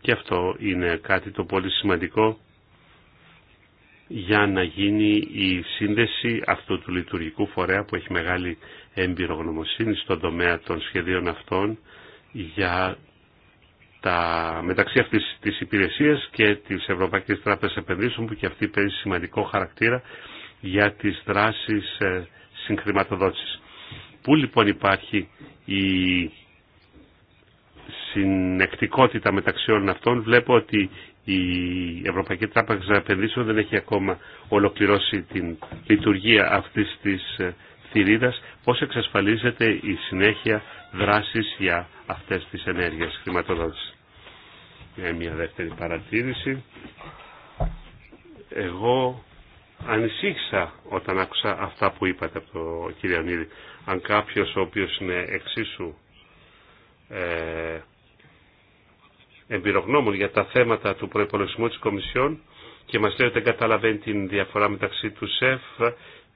και αυτό είναι κάτι το πολύ σημαντικό για να γίνει η σύνδεση αυτού του λειτουργικού φορέα που έχει μεγάλη εμπειρογνωμοσύνη στον τομέα των σχεδίων αυτών για τα, μεταξύ αυτής της υπηρεσίας και της Ευρωπαϊκής Τράπεζας Επενδύσεων που και αυτή παίζει σημαντικό χαρακτήρα για τις δράσεις ε, συγχρηματοδότησης. Πού λοιπόν υπάρχει η συνεκτικότητα μεταξύ όλων αυτών. Βλέπω ότι η Ευρωπαϊκή Τράπεζα Επενδύσεων δεν έχει ακόμα ολοκληρώσει την λειτουργία αυτής της ε, θηρίδας πώς εξασφαλίζεται η συνέχεια δράσης για αυτές τις ενέργειες χρηματοδότηση. Μια, ε, μια δεύτερη παρατήρηση. Εγώ ανησύχησα όταν άκουσα αυτά που είπατε από το κύριο Ανίδη. Αν κάποιος ο οποίος είναι εξίσου ε, εμπειρογνώμων για τα θέματα του προϋπολογισμού της Κομισιόν και μας λέει ότι δεν καταλαβαίνει την διαφορά μεταξύ του ΣΕΦ,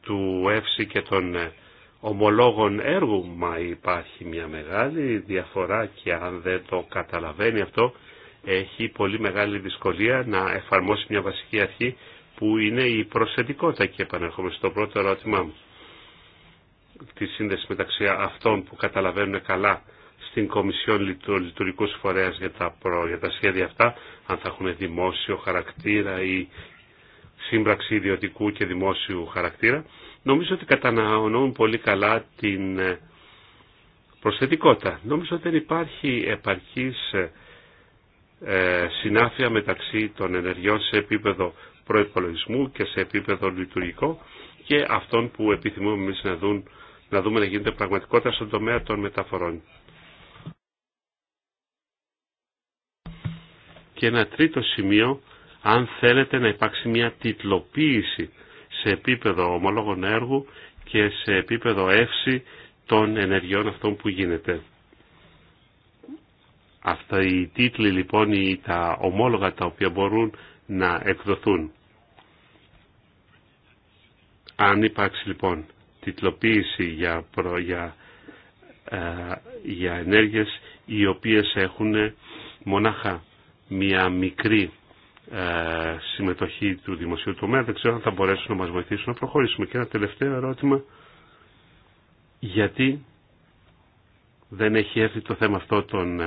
του ΕΦΣΙ και των ε, ομολόγων έργου, μα υπάρχει μια μεγάλη διαφορά και αν δεν το καταλαβαίνει αυτό έχει πολύ μεγάλη δυσκολία να εφαρμόσει μια βασική αρχή που είναι η προσεντικότητα και επανέρχομαι στο πρώτο ερώτημά μου τη σύνδεση μεταξύ αυτών που καταλαβαίνουν καλά στην Κομισιόν Λειτουργικού Φορέας για τα, για τα σχέδια αυτά, αν θα έχουν δημόσιο χαρακτήρα ή σύμπραξη ιδιωτικού και δημόσιου χαρακτήρα νομίζω ότι κατανοούν πολύ καλά την ε, προσθετικότητα. Νομίζω ότι δεν υπάρχει επαρκής ε, ε, συνάφεια μεταξύ των ενεργειών σε επίπεδο προϋπολογισμού και σε επίπεδο λειτουργικό και αυτών που επιθυμούμε εμείς να, να δούμε να γίνεται πραγματικότητα στον τομέα των μεταφορών. Και ένα τρίτο σημείο, αν θέλετε να υπάρξει μια τιτλοποίηση σε επίπεδο ομολόγων έργου και σε επίπεδο εύση των ενεργειών αυτών που γίνεται. Αυτά οι τίτλοι λοιπόν ή τα ομόλογα τα οποία μπορούν να εκδοθούν. Αν υπάρξει λοιπόν τιτλοποίηση για, για, ε, για ενέργειες οι οποίες έχουν μονάχα μία μικρή ε, συμμετοχή του δημοσίου τομέα. Δεν ξέρω αν θα μπορέσουν να μας βοηθήσουν να προχωρήσουμε. Και ένα τελευταίο ερώτημα. Γιατί δεν έχει έρθει το θέμα αυτό των,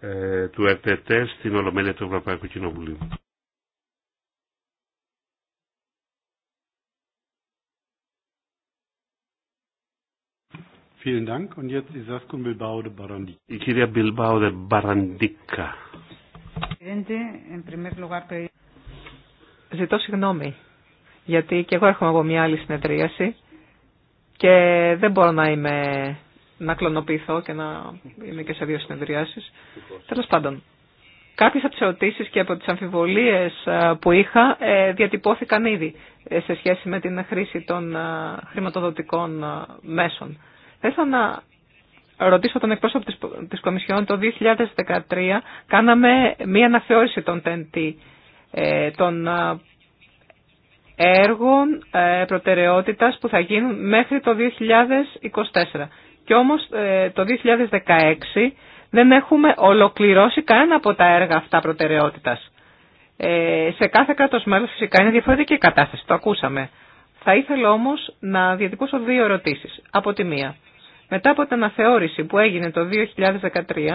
ε, του RTT στην Ολομέλεια του Ευρωπαϊκού Κοινοβουλίου. Η κυρία Μπιλμπάουδε Μπαραντίκα. Ζητώ συγγνώμη, γιατί και εγώ έρχομαι από μια άλλη συνεδρίαση και δεν μπορώ να είμαι να κλωνοποιηθώ και να είμαι και σε δύο συνεδριάσεις. Τέλος πάντων, Κάποιε από και από τις αμφιβολίες ε, που είχα ε, διατυπώθηκαν ήδη ε, σε σχέση με την χρήση των χρηματοδοτικών μέσων. Θα να ρωτήσω τον εκπρόσωπο της, της Κομισιόν, το 2013 κάναμε μία αναθεώρηση των ε, των ε, έργων ε, προτεραιότητας που θα γίνουν μέχρι το 2024. Και όμως το 2016 δεν έχουμε ολοκληρώσει κανένα από τα έργα αυτά προτεραιότητας. σε κάθε κράτος μέλος φυσικά είναι διαφορετική κατάσταση, το ακούσαμε. Θα ήθελα όμως να διατυπώσω δύο ερωτήσεις. Από τη μία, μετά από την αναθεώρηση που έγινε το 2013,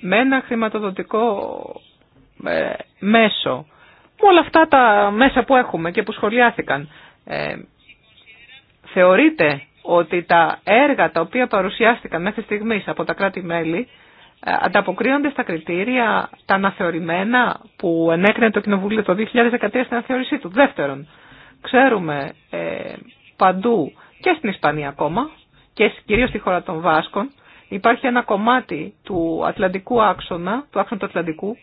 με ένα χρηματοδοτικό ε, μέσο, με όλα αυτά τα μέσα που έχουμε και που σχολιάθηκαν, ε, θεωρείται ότι τα έργα τα οποία παρουσιάστηκαν μέχρι στιγμής από τα κράτη-μέλη ε, ανταποκρίνονται στα κριτήρια τα αναθεωρημένα που ενέκρινε το Κοινοβούλιο το 2013 στην αναθεώρησή του. Δεύτερον, ξέρουμε ε, παντού και στην Ισπανία ακόμα και κυρίως στη χώρα των Βάσκων. Υπάρχει ένα κομμάτι του Ατλαντικού άξονα, του άξονα του Ατλαντικού,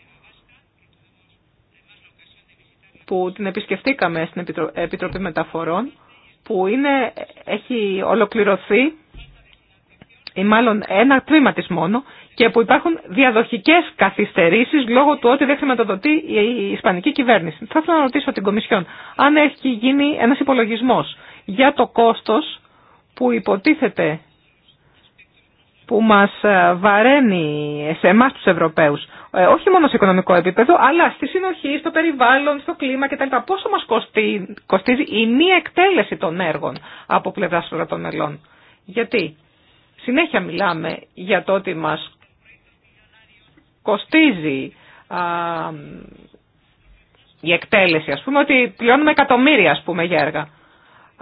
που την επισκεφτήκαμε στην Επιτροπή Μεταφορών, που έχει ολοκληρωθεί ή μάλλον ένα τμήμα της μόνο και που υπάρχουν διαδοχικές καθυστερήσεις λόγω του ότι δεν χρηματοδοτεί η Ισπανική κυβέρνηση. Θα ήθελα να ρωτήσω την Κομισιόν αν έχει γίνει ένας υπολογισμός για το κόστος που υποτίθεται που μας ε, βαραίνει σε εμά τους Ευρωπαίους, ε, όχι μόνο σε οικονομικό επίπεδο, αλλά στη συνοχή, στο περιβάλλον, στο κλίμα κτλ. Πόσο μας κοστίζει η μη εκτέλεση των έργων από πλευράς των μελών. Γιατί συνέχεια μιλάμε για το ότι μας κοστίζει η εκτέλεση, ας πούμε, ότι πληρώνουμε εκατομμύρια, ας πούμε, για έργα.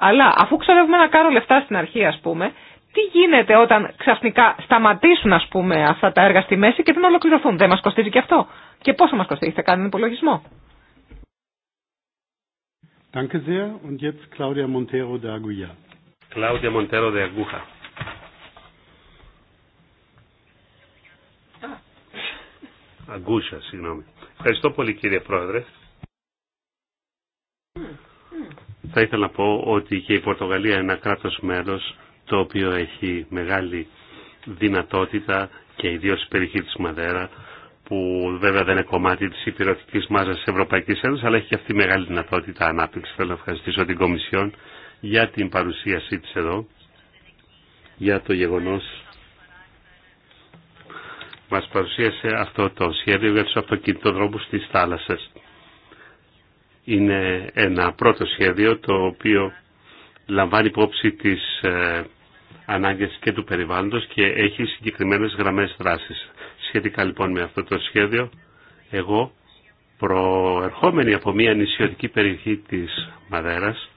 Αλλά αφού ξοδεύουμε να κάρο λεφτά στην αρχή, α πούμε, τι γίνεται όταν ξαφνικά σταματήσουν, ας πούμε, αυτά τα έργα στη μέση και δεν ολοκληρωθούν. Δεν μα κοστίζει και αυτό. Και πόσο μας κοστίζει, θα κάνουμε υπολογισμό. Danke de Αγκούσα, συγγνώμη. Ευχαριστώ πολύ κύριε Πρόεδρε θα ήθελα να πω ότι και η Πορτογαλία είναι ένα κράτος μέρος το οποίο έχει μεγάλη δυνατότητα και ιδίως η περιοχή της Μαδέρα που βέβαια δεν είναι κομμάτι της υπηρετικής μάζας της Ευρωπαϊκής Ένωσης αλλά έχει και αυτή μεγάλη δυνατότητα ανάπτυξη. Θέλω να ευχαριστήσω την Κομισιόν για την παρουσίασή της εδώ, για το γεγονός μας παρουσίασε αυτό το σχέδιο για τους αυτοκινητοδρόμους της θάλασσας είναι ένα πρώτο σχέδιο το οποίο λαμβάνει υπόψη τις ε, ανάγκες και του περιβάλλοντος και έχει συγκεκριμένες γραμμές δράσης. Σχετικά λοιπόν με αυτό το σχέδιο, εγώ προερχόμενη από μια νησιωτική περιοχή της Μαδέρας,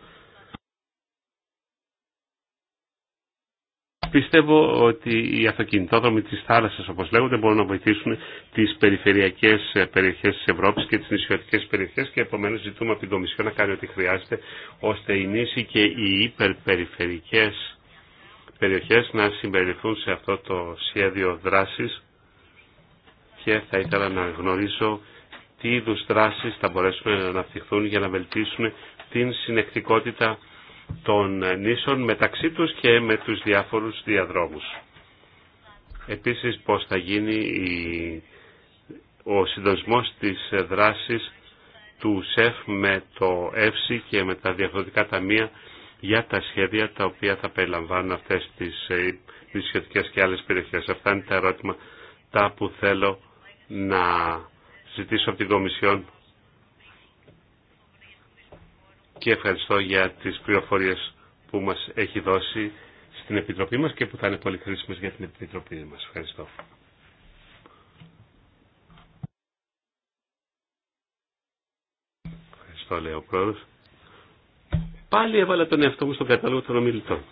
Πιστεύω ότι οι αυτοκινητόδρομοι της θάλασσας, όπως λέγονται, μπορούν να βοηθήσουν τις περιφερειακές ε, περιοχές της Ευρώπης και τις νησιωτικές περιοχές και επομένως ζητούμε από την Κομισιό να κάνει ό,τι χρειάζεται, ώστε οι νήσοι και οι υπερπεριφερειακές περιοχές να συμπεριληφθούν σε αυτό το σχέδιο δράσης και θα ήθελα να γνωρίσω τι είδου δράσεις θα μπορέσουν να αναπτυχθούν για να βελτίσουν την συνεκτικότητα των νήσων μεταξύ τους και με τους διάφορους διαδρόμους. Επίσης πώς θα γίνει η, ο συντονισμός της δράσης του ΣΕΦ με το ΕΦΣΙ και με τα διαφορετικά ταμεία για τα σχέδια τα οποία θα περιλαμβάνουν αυτές τις νησιωτικές ε, και άλλες περιοχές. Αυτά είναι τα ερώτημα τα που θέλω να ζητήσω από την Κομισιόν και ευχαριστώ για τις πληροφορίες που μας έχει δώσει στην Επιτροπή μας και που θα είναι πολύ χρήσιμες για την Επιτροπή μας. Ευχαριστώ. Ευχαριστώ, λέει ο πρόεδρος. Πάλι έβαλα τον εαυτό μου στον κατάλογο των ομιλητών.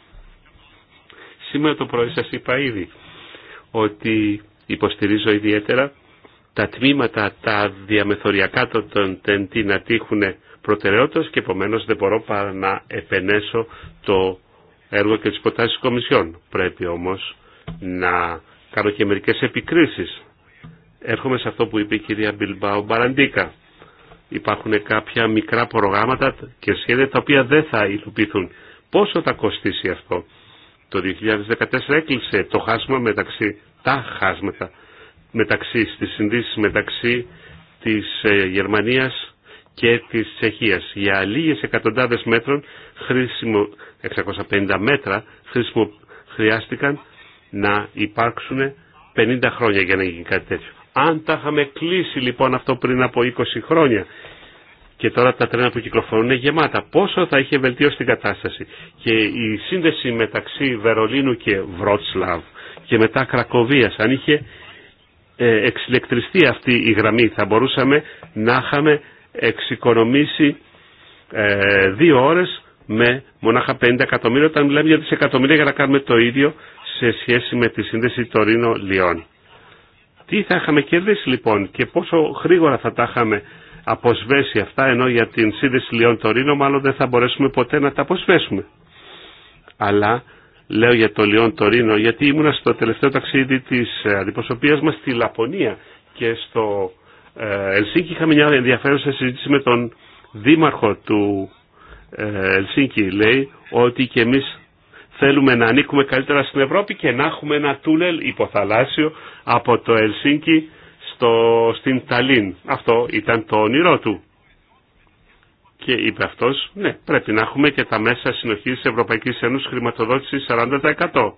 Σήμερα το πρωί σας είπα ήδη ότι υποστηρίζω ιδιαίτερα τα τμήματα, τα διαμεθοριακά των τέντι να τύχουν προτεραιότητας και επομένω δεν μπορώ παρά να επενέσω το έργο και τις προτάσεις της Κομισιόν. Πρέπει όμως να κάνω και μερικές επικρίσεις. Έρχομαι σε αυτό που είπε η κυρία Μπιλμπάου Μπαραντίκα. Υπάρχουν κάποια μικρά προγράμματα και σχέδια τα οποία δεν θα υλοποιηθούν. Πόσο θα κοστίσει αυτό. Το 2014 έκλεισε το χάσμα μεταξύ τα χάσματα μεταξύ, στις συνδύσεις μεταξύ της ε, Γερμανίας και της Τσεχίας. Για λίγες εκατοντάδες μέτρων, χρήσιμο, 650 μέτρα, χρήσιμο, χρειάστηκαν να υπάρξουν 50 χρόνια για να γίνει κάτι τέτοιο. Αν τα είχαμε κλείσει λοιπόν αυτό πριν από 20 χρόνια και τώρα τα τρένα που κυκλοφορούν είναι γεμάτα, πόσο θα είχε βελτιώσει την κατάσταση. Και η σύνδεση μεταξύ Βερολίνου και Βρότσλαβ και μετά Κρακοβίας, αν είχε ε, εξηλεκτριστεί αυτή η γραμμή. Θα μπορούσαμε να είχαμε εξοικονομήσει ε, δύο ώρες με μονάχα 50 εκατομμύρια όταν μιλάμε για δισεκατομμύρια για να κάνουμε το ίδιο σε σχέση με τη σύνδεση Τωρίνο-Λιών. Τι θα είχαμε κερδίσει λοιπόν και πόσο γρήγορα θα τα είχαμε αποσβέσει αυτά ενώ για την σύνδεση Λιών-Τωρίνο μάλλον δεν θα μπορέσουμε ποτέ να τα αποσβέσουμε. Αλλά λέω για το Λιόν Τωρίνο, γιατί ήμουνα στο τελευταίο ταξίδι της ε, αντιπροσωπείας μας στη Λαπωνία και στο ε, Ελσίνκι είχαμε μια ενδιαφέρουσα συζήτηση με τον δήμαρχο του ε, Ελσίνκι. Λέει ότι και εμείς θέλουμε να ανήκουμε καλύτερα στην Ευρώπη και να έχουμε ένα τούνελ υποθαλάσσιο από το Ελσίνκι στην Ταλίν. Αυτό ήταν το όνειρό του και είπε αυτό, ναι, πρέπει να έχουμε και τα μέσα συνοχής τη Ευρωπαϊκή Ένωση χρηματοδότηση 40%.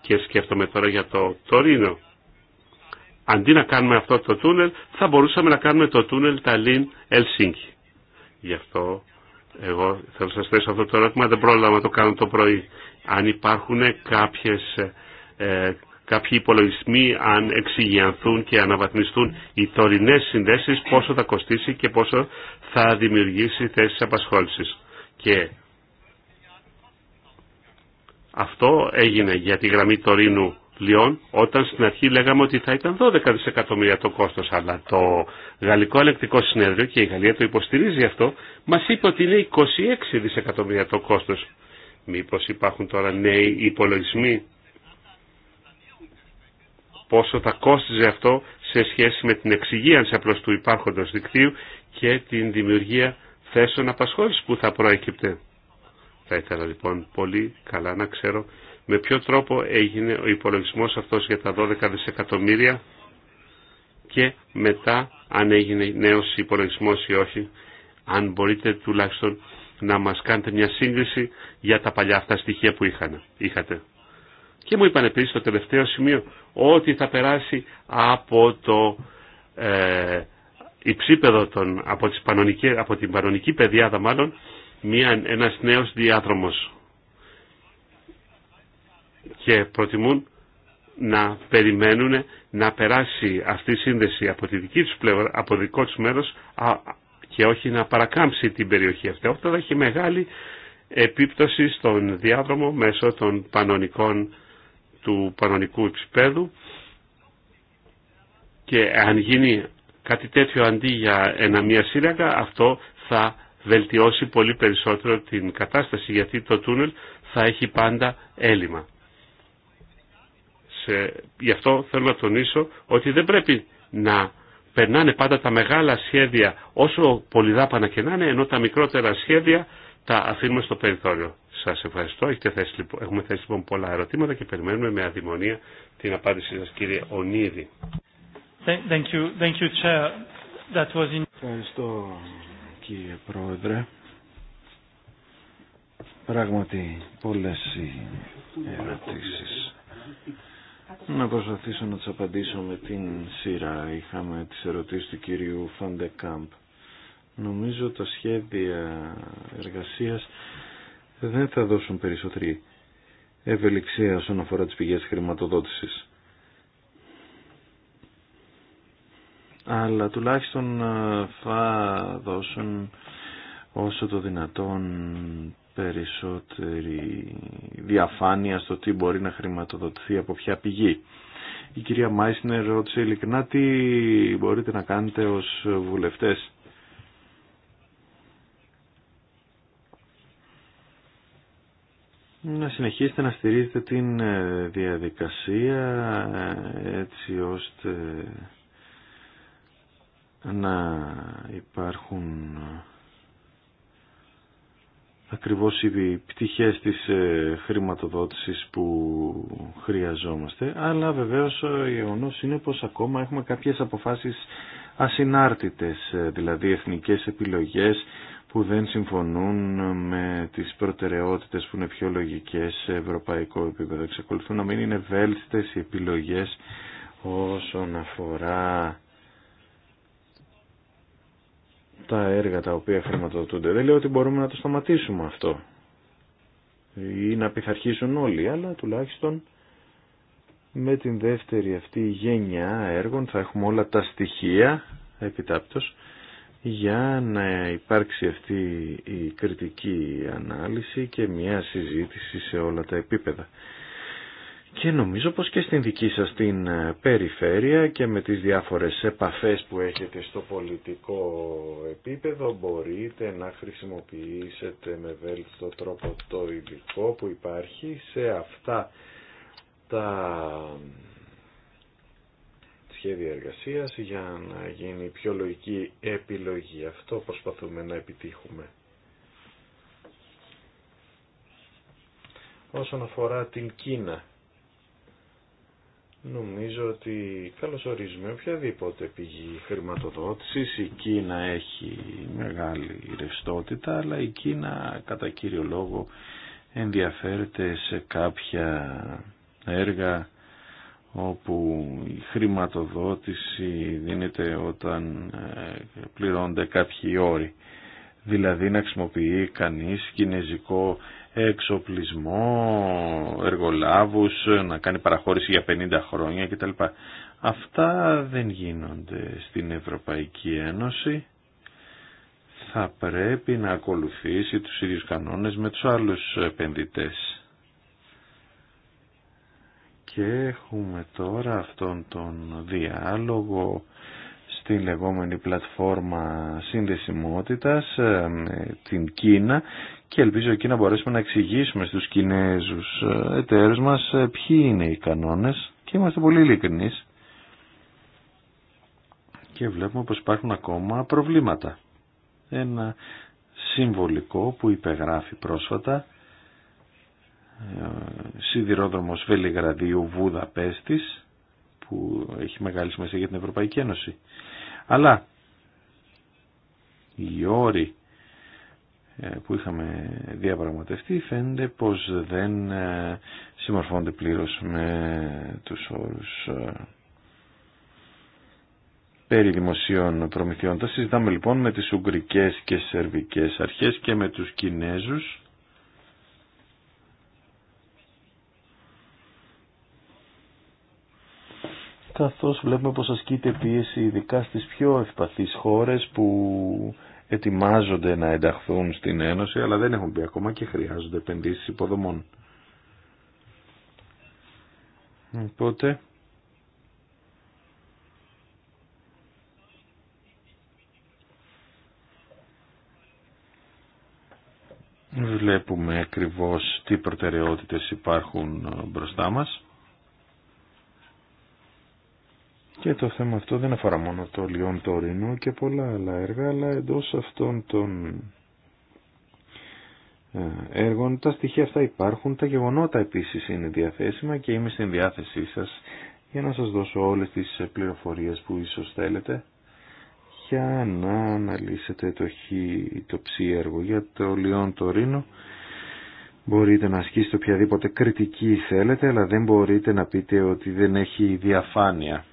Και σκέφτομαι τώρα για το Τωρίνο. Αντί να κάνουμε αυτό το τούνελ, θα μπορούσαμε να κάνουμε το τούνελ Ταλίν Ταλήν-Ελσίνκη. Γι' αυτό εγώ θέλω να σας θέσω αυτό το ερώτημα, δεν πρόλαβα να το κάνω το πρωί. Αν υπάρχουν κάποιε ε, κάποιοι υπολογισμοί αν εξηγιανθούν και αναβαθμιστούν οι τωρινέ συνδέσεις πόσο θα κοστίσει και πόσο θα δημιουργήσει θέσεις απασχόλησης. Και αυτό έγινε για τη γραμμή τωρινού Λιών, όταν στην αρχή λέγαμε ότι θα ήταν 12 δισεκατομμύρια το κόστος, αλλά το Γαλλικό Ελεκτικό Συνέδριο και η Γαλλία το υποστηρίζει αυτό, μας είπε ότι είναι 26 δισεκατομμύρια το κόστος. Μήπως υπάρχουν τώρα νέοι υπολογισμοί πόσο θα κόστιζε αυτό σε σχέση με την εξυγίανση απλώ του υπάρχοντος δικτύου και την δημιουργία θέσεων απασχόληση που θα προέκυπτε. Θα ήθελα λοιπόν πολύ καλά να ξέρω με ποιο τρόπο έγινε ο υπολογισμό αυτό για τα 12 δισεκατομμύρια και μετά αν έγινε νέο υπολογισμό ή όχι, αν μπορείτε τουλάχιστον να μας κάνετε μια σύγκριση για τα παλιά αυτά στοιχεία που είχατε. Και μου είπαν επίσης στο τελευταίο σημείο ότι θα περάσει από το ε, υψίπεδο των, από, τις από την πανονική πεδιάδα μάλλον μια, ένας νέος διάδρομος. Και προτιμούν να περιμένουν να περάσει αυτή η σύνδεση από, τη δική τους από δικό τους μέρος α, και όχι να παρακάμψει την περιοχή αυτή. Αυτό θα έχει μεγάλη επίπτωση στον διάδρομο μέσω των πανονικών του παρονικού υψηπέδου και αν γίνει κάτι τέτοιο αντί για ένα μία σύραγγα αυτό θα βελτιώσει πολύ περισσότερο την κατάσταση γιατί το τούνελ θα έχει πάντα έλλειμμα. Σε, γι' αυτό θέλω να τονίσω ότι δεν πρέπει να περνάνε πάντα τα μεγάλα σχέδια όσο πολυδάπανα και να είναι ενώ τα μικρότερα σχέδια τα αφήνουμε στο περιθώριο. Σα ευχαριστώ. Έχετε θέσει, λοιπόν, έχουμε θέσει λοιπόν πολλά ερωτήματα και περιμένουμε με αδειμονία την απάντησή σα κύριε Ονίδη. Thank you. Thank you, That was Ευχαριστώ κύριε Πρόεδρε. Πράγματι πολλές οι ερωτήσεις. Να προσπαθήσω να τι απαντήσω με την σειρά. Είχαμε τι ερωτήσει του κυρίου Φαντεκάμπ. Νομίζω τα σχέδια εργασίας δεν θα δώσουν περισσότερη ευελιξία όσον αφορά τις πηγές χρηματοδότησης. Αλλά τουλάχιστον ε, θα δώσουν όσο το δυνατόν περισσότερη διαφάνεια στο τι μπορεί να χρηματοδοτηθεί από ποια πηγή. Η κυρία Μάισνερ ρώτησε ειλικρινά τι μπορείτε να κάνετε ως βουλευτές να συνεχίσετε να στηρίζετε την ε, διαδικασία ε, έτσι ώστε να υπάρχουν ακριβώς οι πτυχές της ε, χρηματοδότησης που χρειαζόμαστε αλλά βεβαίως ο γεγονός είναι πως ακόμα έχουμε κάποιες αποφάσεις ασυνάρτητες δηλαδή εθνικές επιλογές που δεν συμφωνούν με τις προτεραιότητες που είναι πιο λογικές σε ευρωπαϊκό επίπεδο. Εξακολουθούν να μην είναι βέλτιστες οι επιλογές όσον αφορά τα έργα τα οποία χρηματοδοτούνται. Δεν λέω ότι μπορούμε να το σταματήσουμε αυτό ή να πειθαρχήσουν όλοι, αλλά τουλάχιστον με την δεύτερη αυτή γενιά έργων θα έχουμε όλα τα στοιχεία επιτάπτως για να υπάρξει αυτή η κριτική ανάλυση και μια συζήτηση σε όλα τα επίπεδα. Και νομίζω πως και στην δική σας την ε, περιφέρεια και με τις διάφορες επαφές που έχετε στο πολιτικό επίπεδο μπορείτε να χρησιμοποιήσετε με βέλτιστο τρόπο το υλικό που υπάρχει σε αυτά τα σχέδια εργασίας για να γίνει πιο λογική επιλογή. Αυτό προσπαθούμε να επιτύχουμε. Όσον αφορά την Κίνα, νομίζω ότι ορίζουμε οποιαδήποτε πηγή χρηματοδότησης. Η Κίνα έχει μεγάλη ρευστότητα, αλλά η Κίνα κατά κύριο λόγο ενδιαφέρεται σε κάποια έργα όπου η χρηματοδότηση δίνεται όταν ε, πληρώνονται κάποιοι όροι. Δηλαδή να χρησιμοποιεί κανείς κινέζικο εξοπλισμό, εργολάβους, να κάνει παραχώρηση για 50 χρόνια κτλ. Αυτά δεν γίνονται στην Ευρωπαϊκή Ένωση. Θα πρέπει να ακολουθήσει τους ίδιους κανόνες με τους άλλους επενδυτές και έχουμε τώρα αυτόν τον διάλογο στη λεγόμενη πλατφόρμα σύνδεσιμότητας ε, με την Κίνα και ελπίζω εκεί να μπορέσουμε να εξηγήσουμε στους Κινέζους ε, εταίρους μας ε, ποιοι είναι οι κανόνες και είμαστε πολύ ειλικρινείς και βλέπουμε πως υπάρχουν ακόμα προβλήματα. Ένα συμβολικό που υπεγράφει πρόσφατα ε, σιδηρόδρομος Βελιγραδίου Βουδαπέστης που έχει μεγάλη σημασία για την Ευρωπαϊκή Ένωση. Αλλά οι όροι ε, που είχαμε διαπραγματευτεί φαίνεται πως δεν ε, συμμορφώνται πλήρως με τους όρους περί δημοσίων προμηθειών. Τα συζητάμε λοιπόν με τις Ουγγρικές και Σερβικές αρχές και με τους Κινέζους καθώς βλέπουμε πως ασκείται πίεση ειδικά στις πιο ευπαθείς χώρες που ετοιμάζονται να ενταχθούν στην Ένωση αλλά δεν έχουν πει ακόμα και χρειάζονται επενδύσεις υποδομών. Οπότε... Βλέπουμε ακριβώς τι προτεραιότητες υπάρχουν μπροστά μας. Και το θέμα αυτό δεν αφορά μόνο το Λιόν Τωρίνο και πολλά άλλα έργα, αλλά εντός αυτών των ε, έργων τα στοιχεία αυτά υπάρχουν, τα γεγονότα επίσης είναι διαθέσιμα και είμαι στην διάθεσή σας για να σας δώσω όλες τις πληροφορίες που ίσως θέλετε για να αναλύσετε το χ, το ψ έργο για το Λιόν Τωρίνο. Μπορείτε να ασκήσετε οποιαδήποτε κριτική θέλετε, αλλά δεν μπορείτε να πείτε ότι δεν έχει διαφάνεια.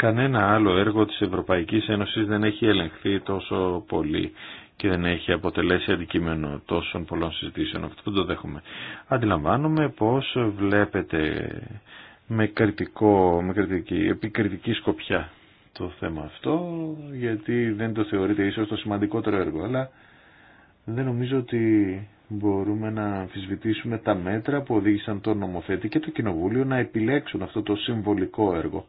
Κανένα άλλο έργο της Ευρωπαϊκής Ένωσης δεν έχει ελεγχθεί τόσο πολύ και δεν έχει αποτελέσει αντικείμενο τόσων πολλών συζητήσεων. Αυτό το δέχομαι. Αντιλαμβάνομαι πως βλέπετε με, κριτικό, με κριτική, επικριτική σκοπιά το θέμα αυτό, γιατί δεν το θεωρείτε ίσως το σημαντικότερο έργο, αλλά δεν νομίζω ότι μπορούμε να αμφισβητήσουμε τα μέτρα που οδήγησαν τον νομοθέτη και το Κοινοβούλιο να επιλέξουν αυτό το συμβολικό έργο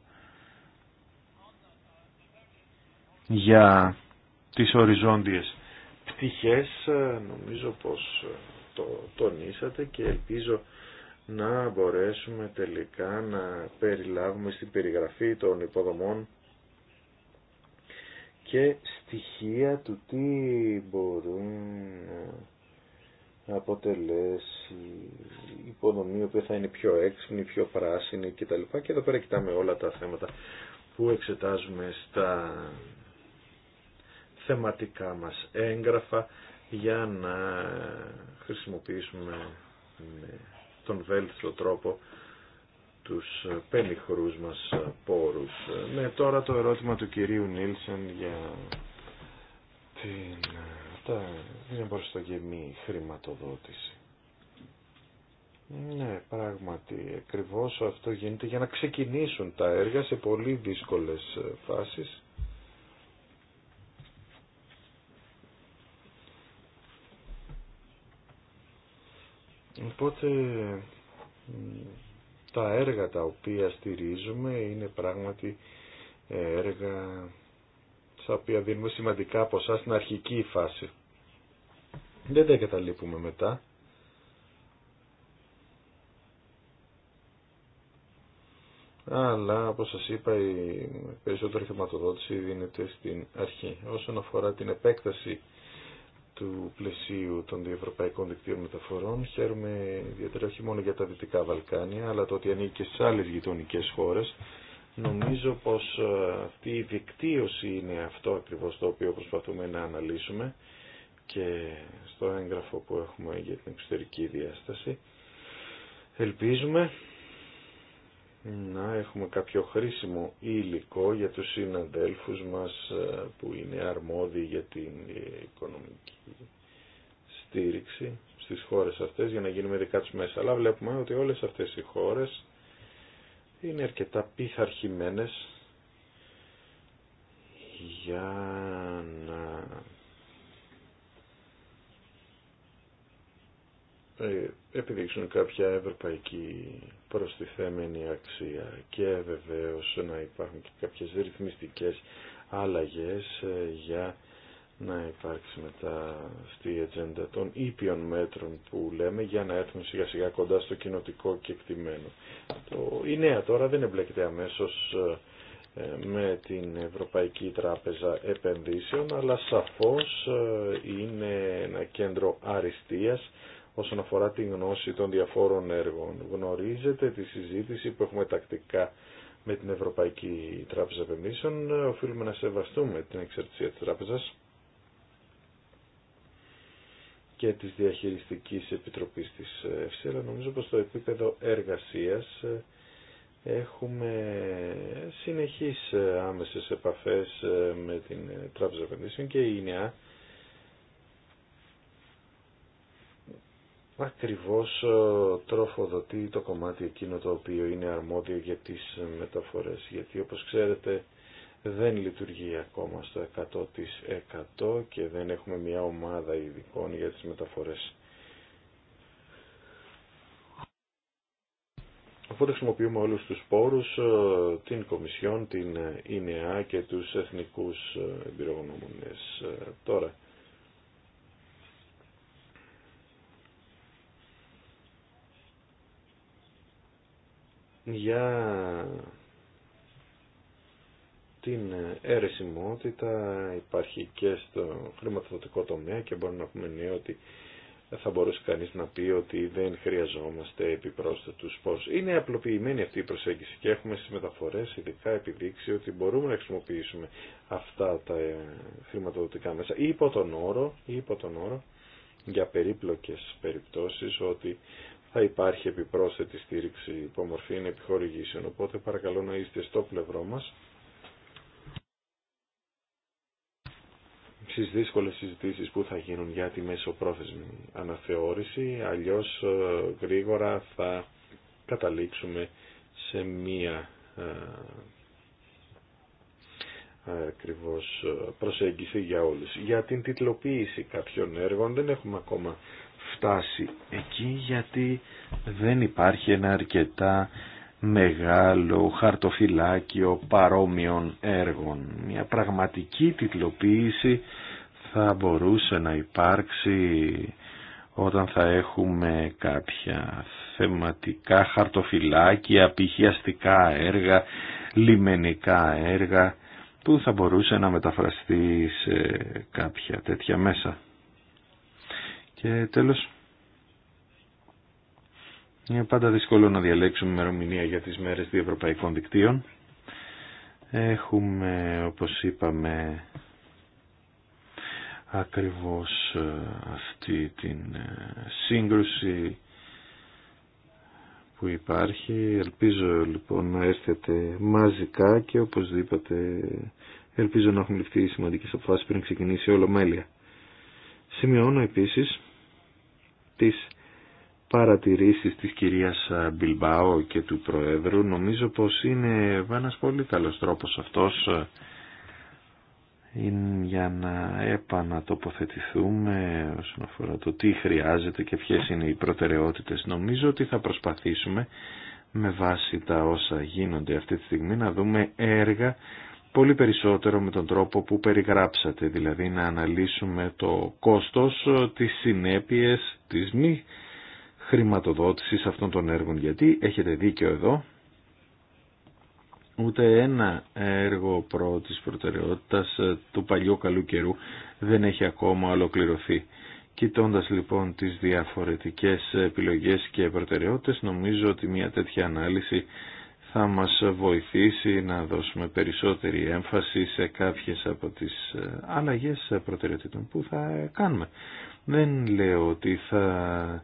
για τις οριζόντιες πτυχές ε, νομίζω πως ε, το τονίσατε και ελπίζω να μπορέσουμε τελικά να περιλάβουμε στην περιγραφή των υποδομών και στοιχεία του τι μπορούν να αποτελέσει υποδομή η θα είναι πιο έξυπνη, πιο πράσινη κτλ. Και εδώ πέρα κοιτάμε όλα τα θέματα που εξετάζουμε στα θεματικά μας έγγραφα για να χρησιμοποιήσουμε με τον βέλτιστο τρόπο τους πένιχρούς μας πόρους. Ναι, τώρα το ερώτημα του κυρίου Νίλσεν για την, τα, χρηματοδότηση. Ναι, πράγματι, ακριβώς αυτό γίνεται για να ξεκινήσουν τα έργα σε πολύ δύσκολες φάσεις Οπότε τα έργα τα οποία στηρίζουμε είναι πράγματι ε, έργα τα οποία δίνουμε σημαντικά ποσά στην αρχική φάση. Δεν τα εγκαταλείπουμε μετά. Αλλά, όπως σας είπα, η περισσότερη χρηματοδότηση δίνεται στην αρχή. Όσον αφορά την επέκταση του πλαισίου των διευρωπαϊκών δικτύων μεταφορών. Χαίρομαι ιδιαίτερα όχι μόνο για τα Δυτικά Βαλκάνια, αλλά το ότι ανήκει και σε άλλε γειτονικέ χώρες. Νομίζω πως ε, αυτή η δικτύωση είναι αυτό ακριβώ το οποίο προσπαθούμε να αναλύσουμε και στο έγγραφο που έχουμε για την εξωτερική διάσταση. Ελπίζουμε να έχουμε κάποιο χρήσιμο υλικό για τους συναδέλφου μας ε, που είναι αρμόδιοι για την ε, οικονομική στήριξη στις χώρες αυτές για να γίνουμε δικά τους μέσα. Αλλά βλέπουμε ότι όλες αυτές οι χώρες είναι αρκετά πειθαρχημένες για να Ε, επιδείξουν κάποια ευρωπαϊκή προστιθέμενη αξία και βεβαίως να υπάρχουν και κάποιες ρυθμιστικές αλλαγές ε, για να υπάρξει μετά στη ατζέντα των ήπιων μέτρων που λέμε για να έρθουν σιγά σιγά κοντά στο κοινοτικό κεκτημένο. Το, η νέα τώρα δεν εμπλέκεται αμέσως ε, με την Ευρωπαϊκή Τράπεζα Επενδύσεων αλλά σαφώς είναι ένα κέντρο αριστείας όσον αφορά τη γνώση των διαφόρων έργων. Γνωρίζετε τη συζήτηση που έχουμε τακτικά με την Ευρωπαϊκή Τράπεζα Επενδύσεων. Οφείλουμε να σεβαστούμε την εξαρτησία της τράπεζας και της Διαχειριστικής Επιτροπής της ΕΦΣΕ, νομίζω πως στο επίπεδο εργασίας έχουμε συνεχείς άμεσες επαφές με την Τράπεζα Επενδύσεων και η ΙΝΕΑ ακριβώς ε, τροφοδοτεί το κομμάτι εκείνο το οποίο είναι αρμόδιο για τις μεταφορές. Γιατί όπως ξέρετε δεν λειτουργεί ακόμα στο 100% και δεν έχουμε μια ομάδα ειδικών για τις μεταφορές. Οπότε χρησιμοποιούμε όλους τους πόρους, ε, την Κομισιόν, την ΙΝΕΑ ε και τους εθνικούς εμπειρογνώμονες. Τώρα, για την αιρεσιμότητα υπάρχει και στο χρηματοδοτικό τομέα και μπορούμε να πούμε ναι ότι θα μπορούσε κανείς να πει ότι δεν χρειαζόμαστε επιπρόσθετους πόρους. Είναι απλοποιημένη αυτή η προσέγγιση και έχουμε στις μεταφορές ειδικά επιδείξει ότι μπορούμε να χρησιμοποιήσουμε αυτά τα ε, χρηματοδοτικά μέσα υπό τον όρο, ή υπό τον όρο για περίπλοκες περιπτώσεις ότι θα υπάρχει επιπρόσθετη στήριξη υπομορφή επιχορηγήσεων. Οπότε παρακαλώ να είστε στο πλευρό μας Στι δύσκολες συζητήσεις που θα γίνουν για τη μεσοπρόθεσμη αναθεώρηση, αλλιώς ε, γρήγορα θα καταλήξουμε σε μία ε, ακριβώ ε, προσέγγιση για όλους. Για την τιτλοποίηση κάποιων έργων δεν έχουμε ακόμα φτάσει εκεί γιατί δεν υπάρχει ένα αρκετά μεγάλο χαρτοφυλάκιο παρόμοιων έργων. Μια πραγματική τιτλοποίηση θα μπορούσε να υπάρξει όταν θα έχουμε κάποια θεματικά χαρτοφυλάκια, πηχιαστικά έργα, λιμενικά έργα που θα μπορούσε να μεταφραστεί σε κάποια τέτοια μέσα. Και τέλος, είναι πάντα δύσκολο να διαλέξουμε ημερομηνία για τις μέρες διευρωπαϊκών δικτύων. Έχουμε, όπως είπαμε, ακριβώς ε, αυτή την ε, σύγκρουση που υπάρχει. Ελπίζω λοιπόν να έρθετε μαζικά και οπωσδήποτε ελπίζω να έχουν ληφθεί σημαντικές αποφάσεις πριν ξεκινήσει η Ολομέλεια. Σημειώνω επίσης τις παρατηρήσεις της κυρίας Μπιλμπάου και του Προέδρου. Νομίζω πως είναι ένας πολύ καλός τρόπος αυτός ε, είναι για να επανατοποθετηθούμε όσον αφορά το τι χρειάζεται και ποιες είναι οι προτεραιότητες. Νομίζω ότι θα προσπαθήσουμε με βάση τα όσα γίνονται αυτή τη στιγμή να δούμε έργα πολύ περισσότερο με τον τρόπο που περιγράψατε, δηλαδή να αναλύσουμε το κόστος, τις συνέπειες της μη χρηματοδότησης αυτών των έργων. Γιατί έχετε δίκιο εδώ, ούτε ένα έργο πρώτης προτεραιότητας του παλιού καλού καιρού δεν έχει ακόμα ολοκληρωθεί. Κοιτώντας λοιπόν τις διαφορετικές επιλογές και προτεραιότητες, νομίζω ότι μια τέτοια ανάλυση θα μας βοηθήσει να δώσουμε περισσότερη έμφαση σε κάποιες από τις ε, αλλαγές προτεραιοτήτων που θα κάνουμε. Δεν λέω ότι θα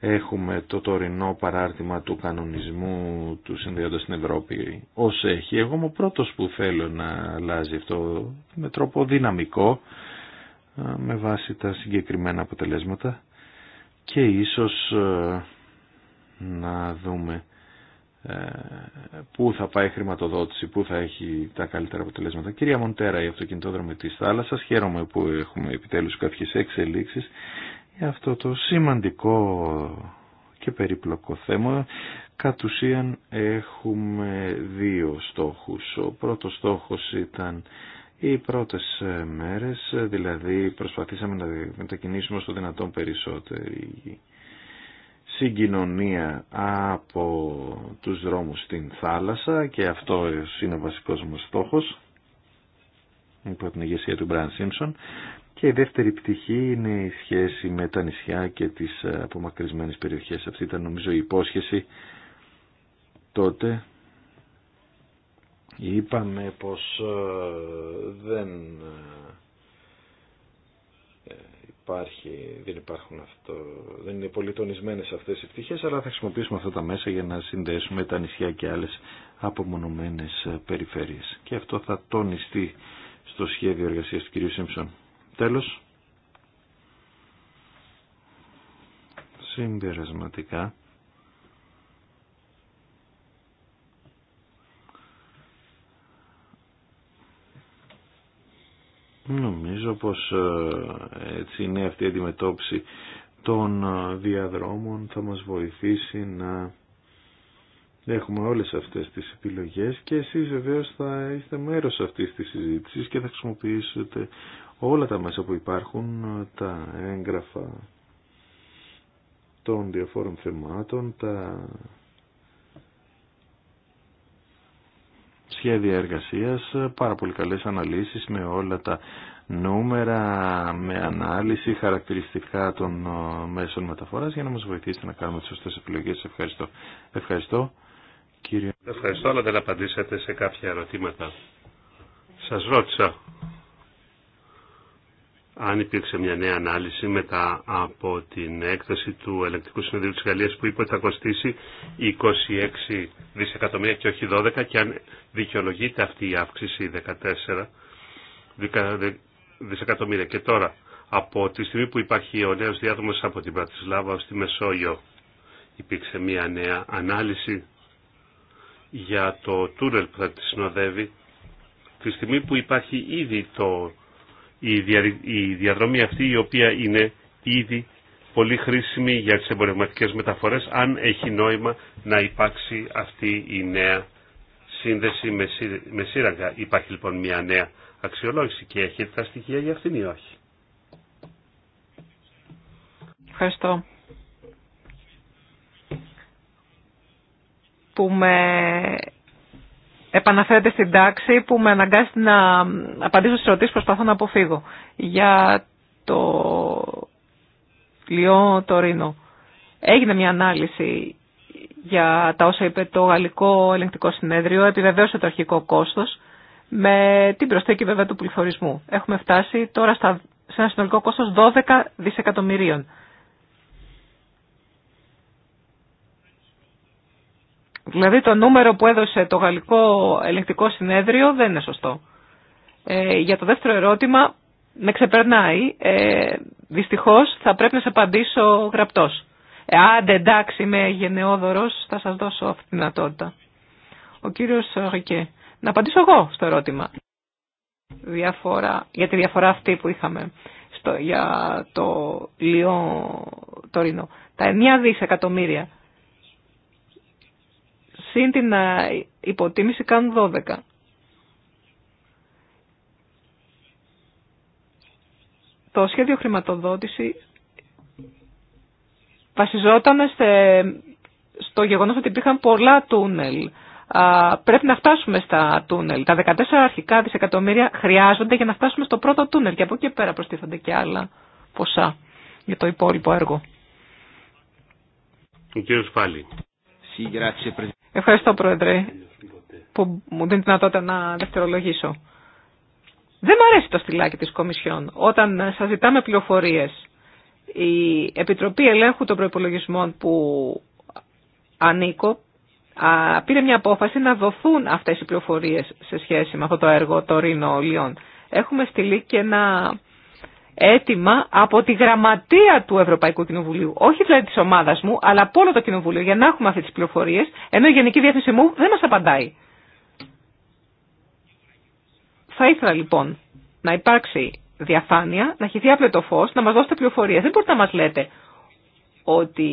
έχουμε το τωρινό παράρτημα του κανονισμού του συνδέοντας στην Ευρώπη ως έχει. Εγώ είμαι ο πρώτος που θέλω να αλλάζει αυτό με τρόπο δυναμικό, ε, με βάση τα συγκεκριμένα αποτελέσματα και ίσως ε, να δούμε ε, πού θα πάει χρηματοδότηση, πού θα έχει τα καλύτερα αποτελέσματα. Κυρία Μοντέρα, η αυτοκινητόδρομη της θάλασσας, χαίρομαι που έχουμε η επιτέλους κάποιες εξελίξεις για αυτό το σημαντικό και περίπλοκο θέμα. Κατ' ουσίαν έχουμε δύο στόχους. Ο πρώτος στόχος ήταν οι πρώτες μέρες, δηλαδή προσπαθήσαμε να μετακινήσουμε στο δυνατόν περισσότεροι συγκοινωνία από τους δρόμους στην θάλασσα και αυτό είναι ο βασικός μας στόχος υπό την ηγεσία του Μπραν Σίμψον και η δεύτερη πτυχή είναι η σχέση με τα νησιά και τις απομακρυσμένες περιοχές. Αυτή ήταν νομίζω η υπόσχεση τότε. Είπαμε πως ε, δεν ε, υπάρχει, δεν υπάρχουν αυτό, δεν είναι πολύ τονισμένες αυτές οι πτυχές, αλλά θα χρησιμοποιήσουμε αυτά τα μέσα για να συνδέσουμε τα νησιά και άλλες απομονωμένες περιφέρειες. Και αυτό θα τονιστεί στο σχέδιο εργασίας του κ. Σίμψον. Τέλος, συμπερασματικά, Νομίζω πως ε, έτσι είναι αυτή η αντιμετώπιση των ε, διαδρόμων θα μας βοηθήσει να έχουμε όλες αυτές τις επιλογές και εσείς βεβαίως θα είστε μέρος αυτής της συζήτησης και θα χρησιμοποιήσετε όλα τα μέσα που υπάρχουν, ε, τα έγγραφα των διαφόρων θεμάτων, τα σχέδια εργασίας, πάρα πολύ καλές αναλύσεις με όλα τα νούμερα, με ανάλυση, χαρακτηριστικά των ε, μέσων μεταφοράς για να μας βοηθήσετε να κάνουμε τις σωστές επιλογές. Ευχαριστώ. Ευχαριστώ. Κύριε... Ευχαριστώ, αλλά δεν απαντήσατε σε κάποια ερωτήματα. Σας ρώτησα αν υπήρξε μια νέα ανάλυση μετά από την έκθεση του Ελεκτικού Συνεδρίου της Γαλλίας που είπε ότι θα κοστίσει 26 δισεκατομμύρια και όχι 12 και αν δικαιολογείται αυτή η αύξηση 14 δισεκατομμύρια. Και τώρα, από τη στιγμή που υπάρχει ο νέος διάδρομος από την Πρατισλάβα ως τη Μεσόγειο, υπήρξε μια νέα ανάλυση για το τούρελ που θα τη συνοδεύει, τη στιγμή που υπάρχει ήδη το η διαδρομή αυτή η οποία είναι ήδη πολύ χρήσιμη για τις εμπορευματικές μεταφορές αν έχει νόημα να υπάρξει αυτή η νέα σύνδεση με σύραγγα. Υπάρχει λοιπόν μια νέα αξιολόγηση και έχετε τα στοιχεία για αυτήν ή όχι. Ευχαριστώ. Που επαναφέρεται στην τάξη που με αναγκάζει να απαντήσω στις ερωτήσεις που προσπαθώ να αποφύγω. Για το Λιό Τωρίνο. Έγινε μια ανάλυση για τα όσα είπε το γαλλικό ελεγκτικό συνέδριο, επιβεβαίωσε το αρχικό κόστος με την προσθήκη βέβαια του πληθωρισμού. Έχουμε φτάσει τώρα στα, σε ένα συνολικό κόστος 12 δισεκατομμυρίων. Δηλαδή το νούμερο που έδωσε το γαλλικό ελεκτικό συνέδριο δεν είναι σωστό. Ε, για το δεύτερο ερώτημα με ξεπερνάει. Ε, δυστυχώς θα πρέπει να σε απαντήσω γραπτός. Ε, δεν εντάξει είμαι γενναιόδωρος, θα σας δώσω αυτή τη δυνατότητα. Ο κύριος Ρικέ. Να απαντήσω εγώ στο ερώτημα. Διαφορά, για τη διαφορά αυτή που είχαμε για το Λιόν Τωρινό. Τα 9 δισεκατομμύρια Συν την ε, υποτίμηση κάνουν 12. Το σχέδιο χρηματοδότηση βασιζόταν στο γεγονός ότι υπήρχαν πολλά τούνελ. Πρέπει να φτάσουμε στα τούνελ. Τα 14 αρχικά δισεκατομμύρια χρειάζονται για να φτάσουμε στο πρώτο τούνελ και από εκεί πέρα προστίθονται και άλλα ποσά για το υπόλοιπο έργο. Ο κύριος Φάλη. Ευχαριστώ, Πρόεδρε, που μου δίνει δυνατότητα να δευτερολογήσω. Δεν μου αρέσει το στυλάκι της Κομισιόν. Όταν σας ζητάμε πληροφορίες, η Επιτροπή Ελέγχου των Προϋπολογισμών που ανήκω, πήρε μια απόφαση να δοθούν αυτές οι πληροφορίες σε σχέση με αυτό το έργο το Ρήνο Λιών. Έχουμε στείλει και ένα έτοιμα από τη γραμματεία του Ευρωπαϊκού Κοινοβουλίου, όχι δηλαδή τη ομάδα μου, αλλά από όλο το Κοινοβούλιο, για να έχουμε αυτέ τι πληροφορίε, ενώ η Γενική Διεύθυνση μου δεν μα απαντάει. Θα ήθελα λοιπόν να υπάρξει διαφάνεια, να χυθεί το φω, να μα δώσετε πληροφορίε. Δεν μπορείτε να μα λέτε ότι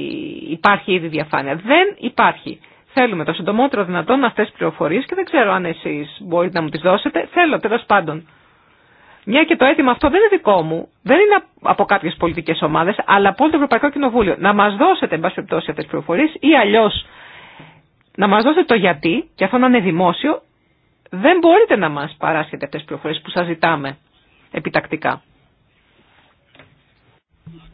υπάρχει ήδη διαφάνεια. Δεν υπάρχει. Θέλουμε το συντομότερο δυνατόν αυτέ τι πληροφορίε και δεν ξέρω αν εσεί μπορείτε να μου τι δώσετε. Θέλω τέλο πάντων μια και το αίτημα αυτό δεν είναι δικό μου, δεν είναι από κάποιε πολιτικέ ομάδε, αλλά από όλο το Ευρωπαϊκό Κοινοβούλιο. Να μα δώσετε, εν πάση περιπτώσει, αυτέ τι πληροφορίε ή αλλιώ να μα δώσετε το γιατί, και αυτό να είναι δημόσιο, δεν μπορείτε να μα παράσχετε αυτέ τι πληροφορίε που σα ζητάμε επιτακτικά.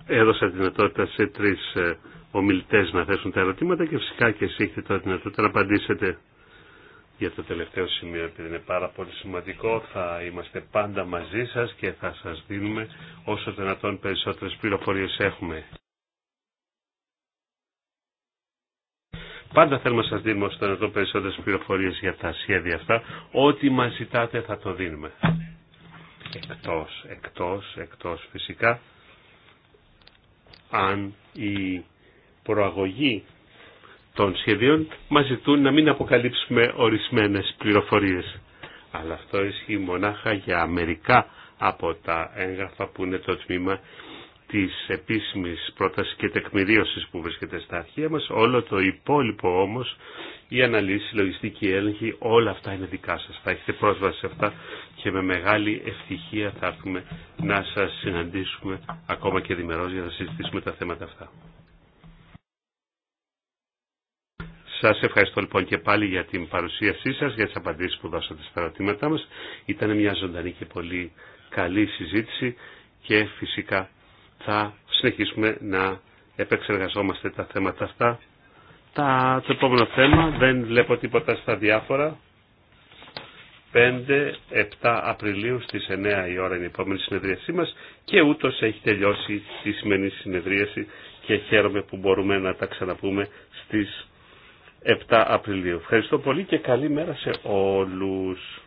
Έδωσα τη δυνατότητα σε τρει ε, ομιλητέ να θέσουν τα ερωτήματα και φυσικά και εσεί έχετε τώρα δυνατότητα να απαντήσετε για το τελευταίο σημείο, επειδή είναι πάρα πολύ σημαντικό, θα είμαστε πάντα μαζί σας και θα σας δίνουμε όσο δυνατόν περισσότερες πληροφορίες έχουμε. Πάντα θέλουμε να σας δίνουμε όσο δυνατόν περισσότερες πληροφορίες για τα σχέδια αυτά. Ό,τι μας ζητάτε θα το δίνουμε. Εκτός, εκτός, εκτός φυσικά, αν η προαγωγή των σχεδίων μας ζητούν να μην αποκαλύψουμε ορισμένες πληροφορίες. Αλλά αυτό ισχύει μονάχα για μερικά από τα έγγραφα που είναι το τμήμα της επίσημης πρότασης και τεκμηρίωσης που βρίσκεται στα αρχεία μας. Όλο το υπόλοιπο όμως, η αναλύση, η λογιστική έλεγχη, όλα αυτά είναι δικά σας. Θα έχετε πρόσβαση σε αυτά και με μεγάλη ευτυχία θα έρθουμε να σας συναντήσουμε ακόμα και διμερώς για να συζητήσουμε τα θέματα αυτά. Σας ευχαριστώ λοιπόν και πάλι για την παρουσίασή σας, για τις απαντήσεις που δώσατε στα ερωτήματά μας. Ήταν μια ζωντανή και πολύ καλή συζήτηση και φυσικά θα συνεχίσουμε να επεξεργαζόμαστε τα θέματα αυτά. Τα, το επόμενο θέμα δεν βλέπω τίποτα στα διάφορα. 5-7 Απριλίου στις 9 η ώρα είναι η επόμενη συνεδρίασή μας και ούτως έχει τελειώσει η σημερινή συνεδρίαση και χαίρομαι που μπορούμε να τα ξαναπούμε στις 7 Απριλίου. Ευχαριστώ πολύ και καλή μέρα σε όλους.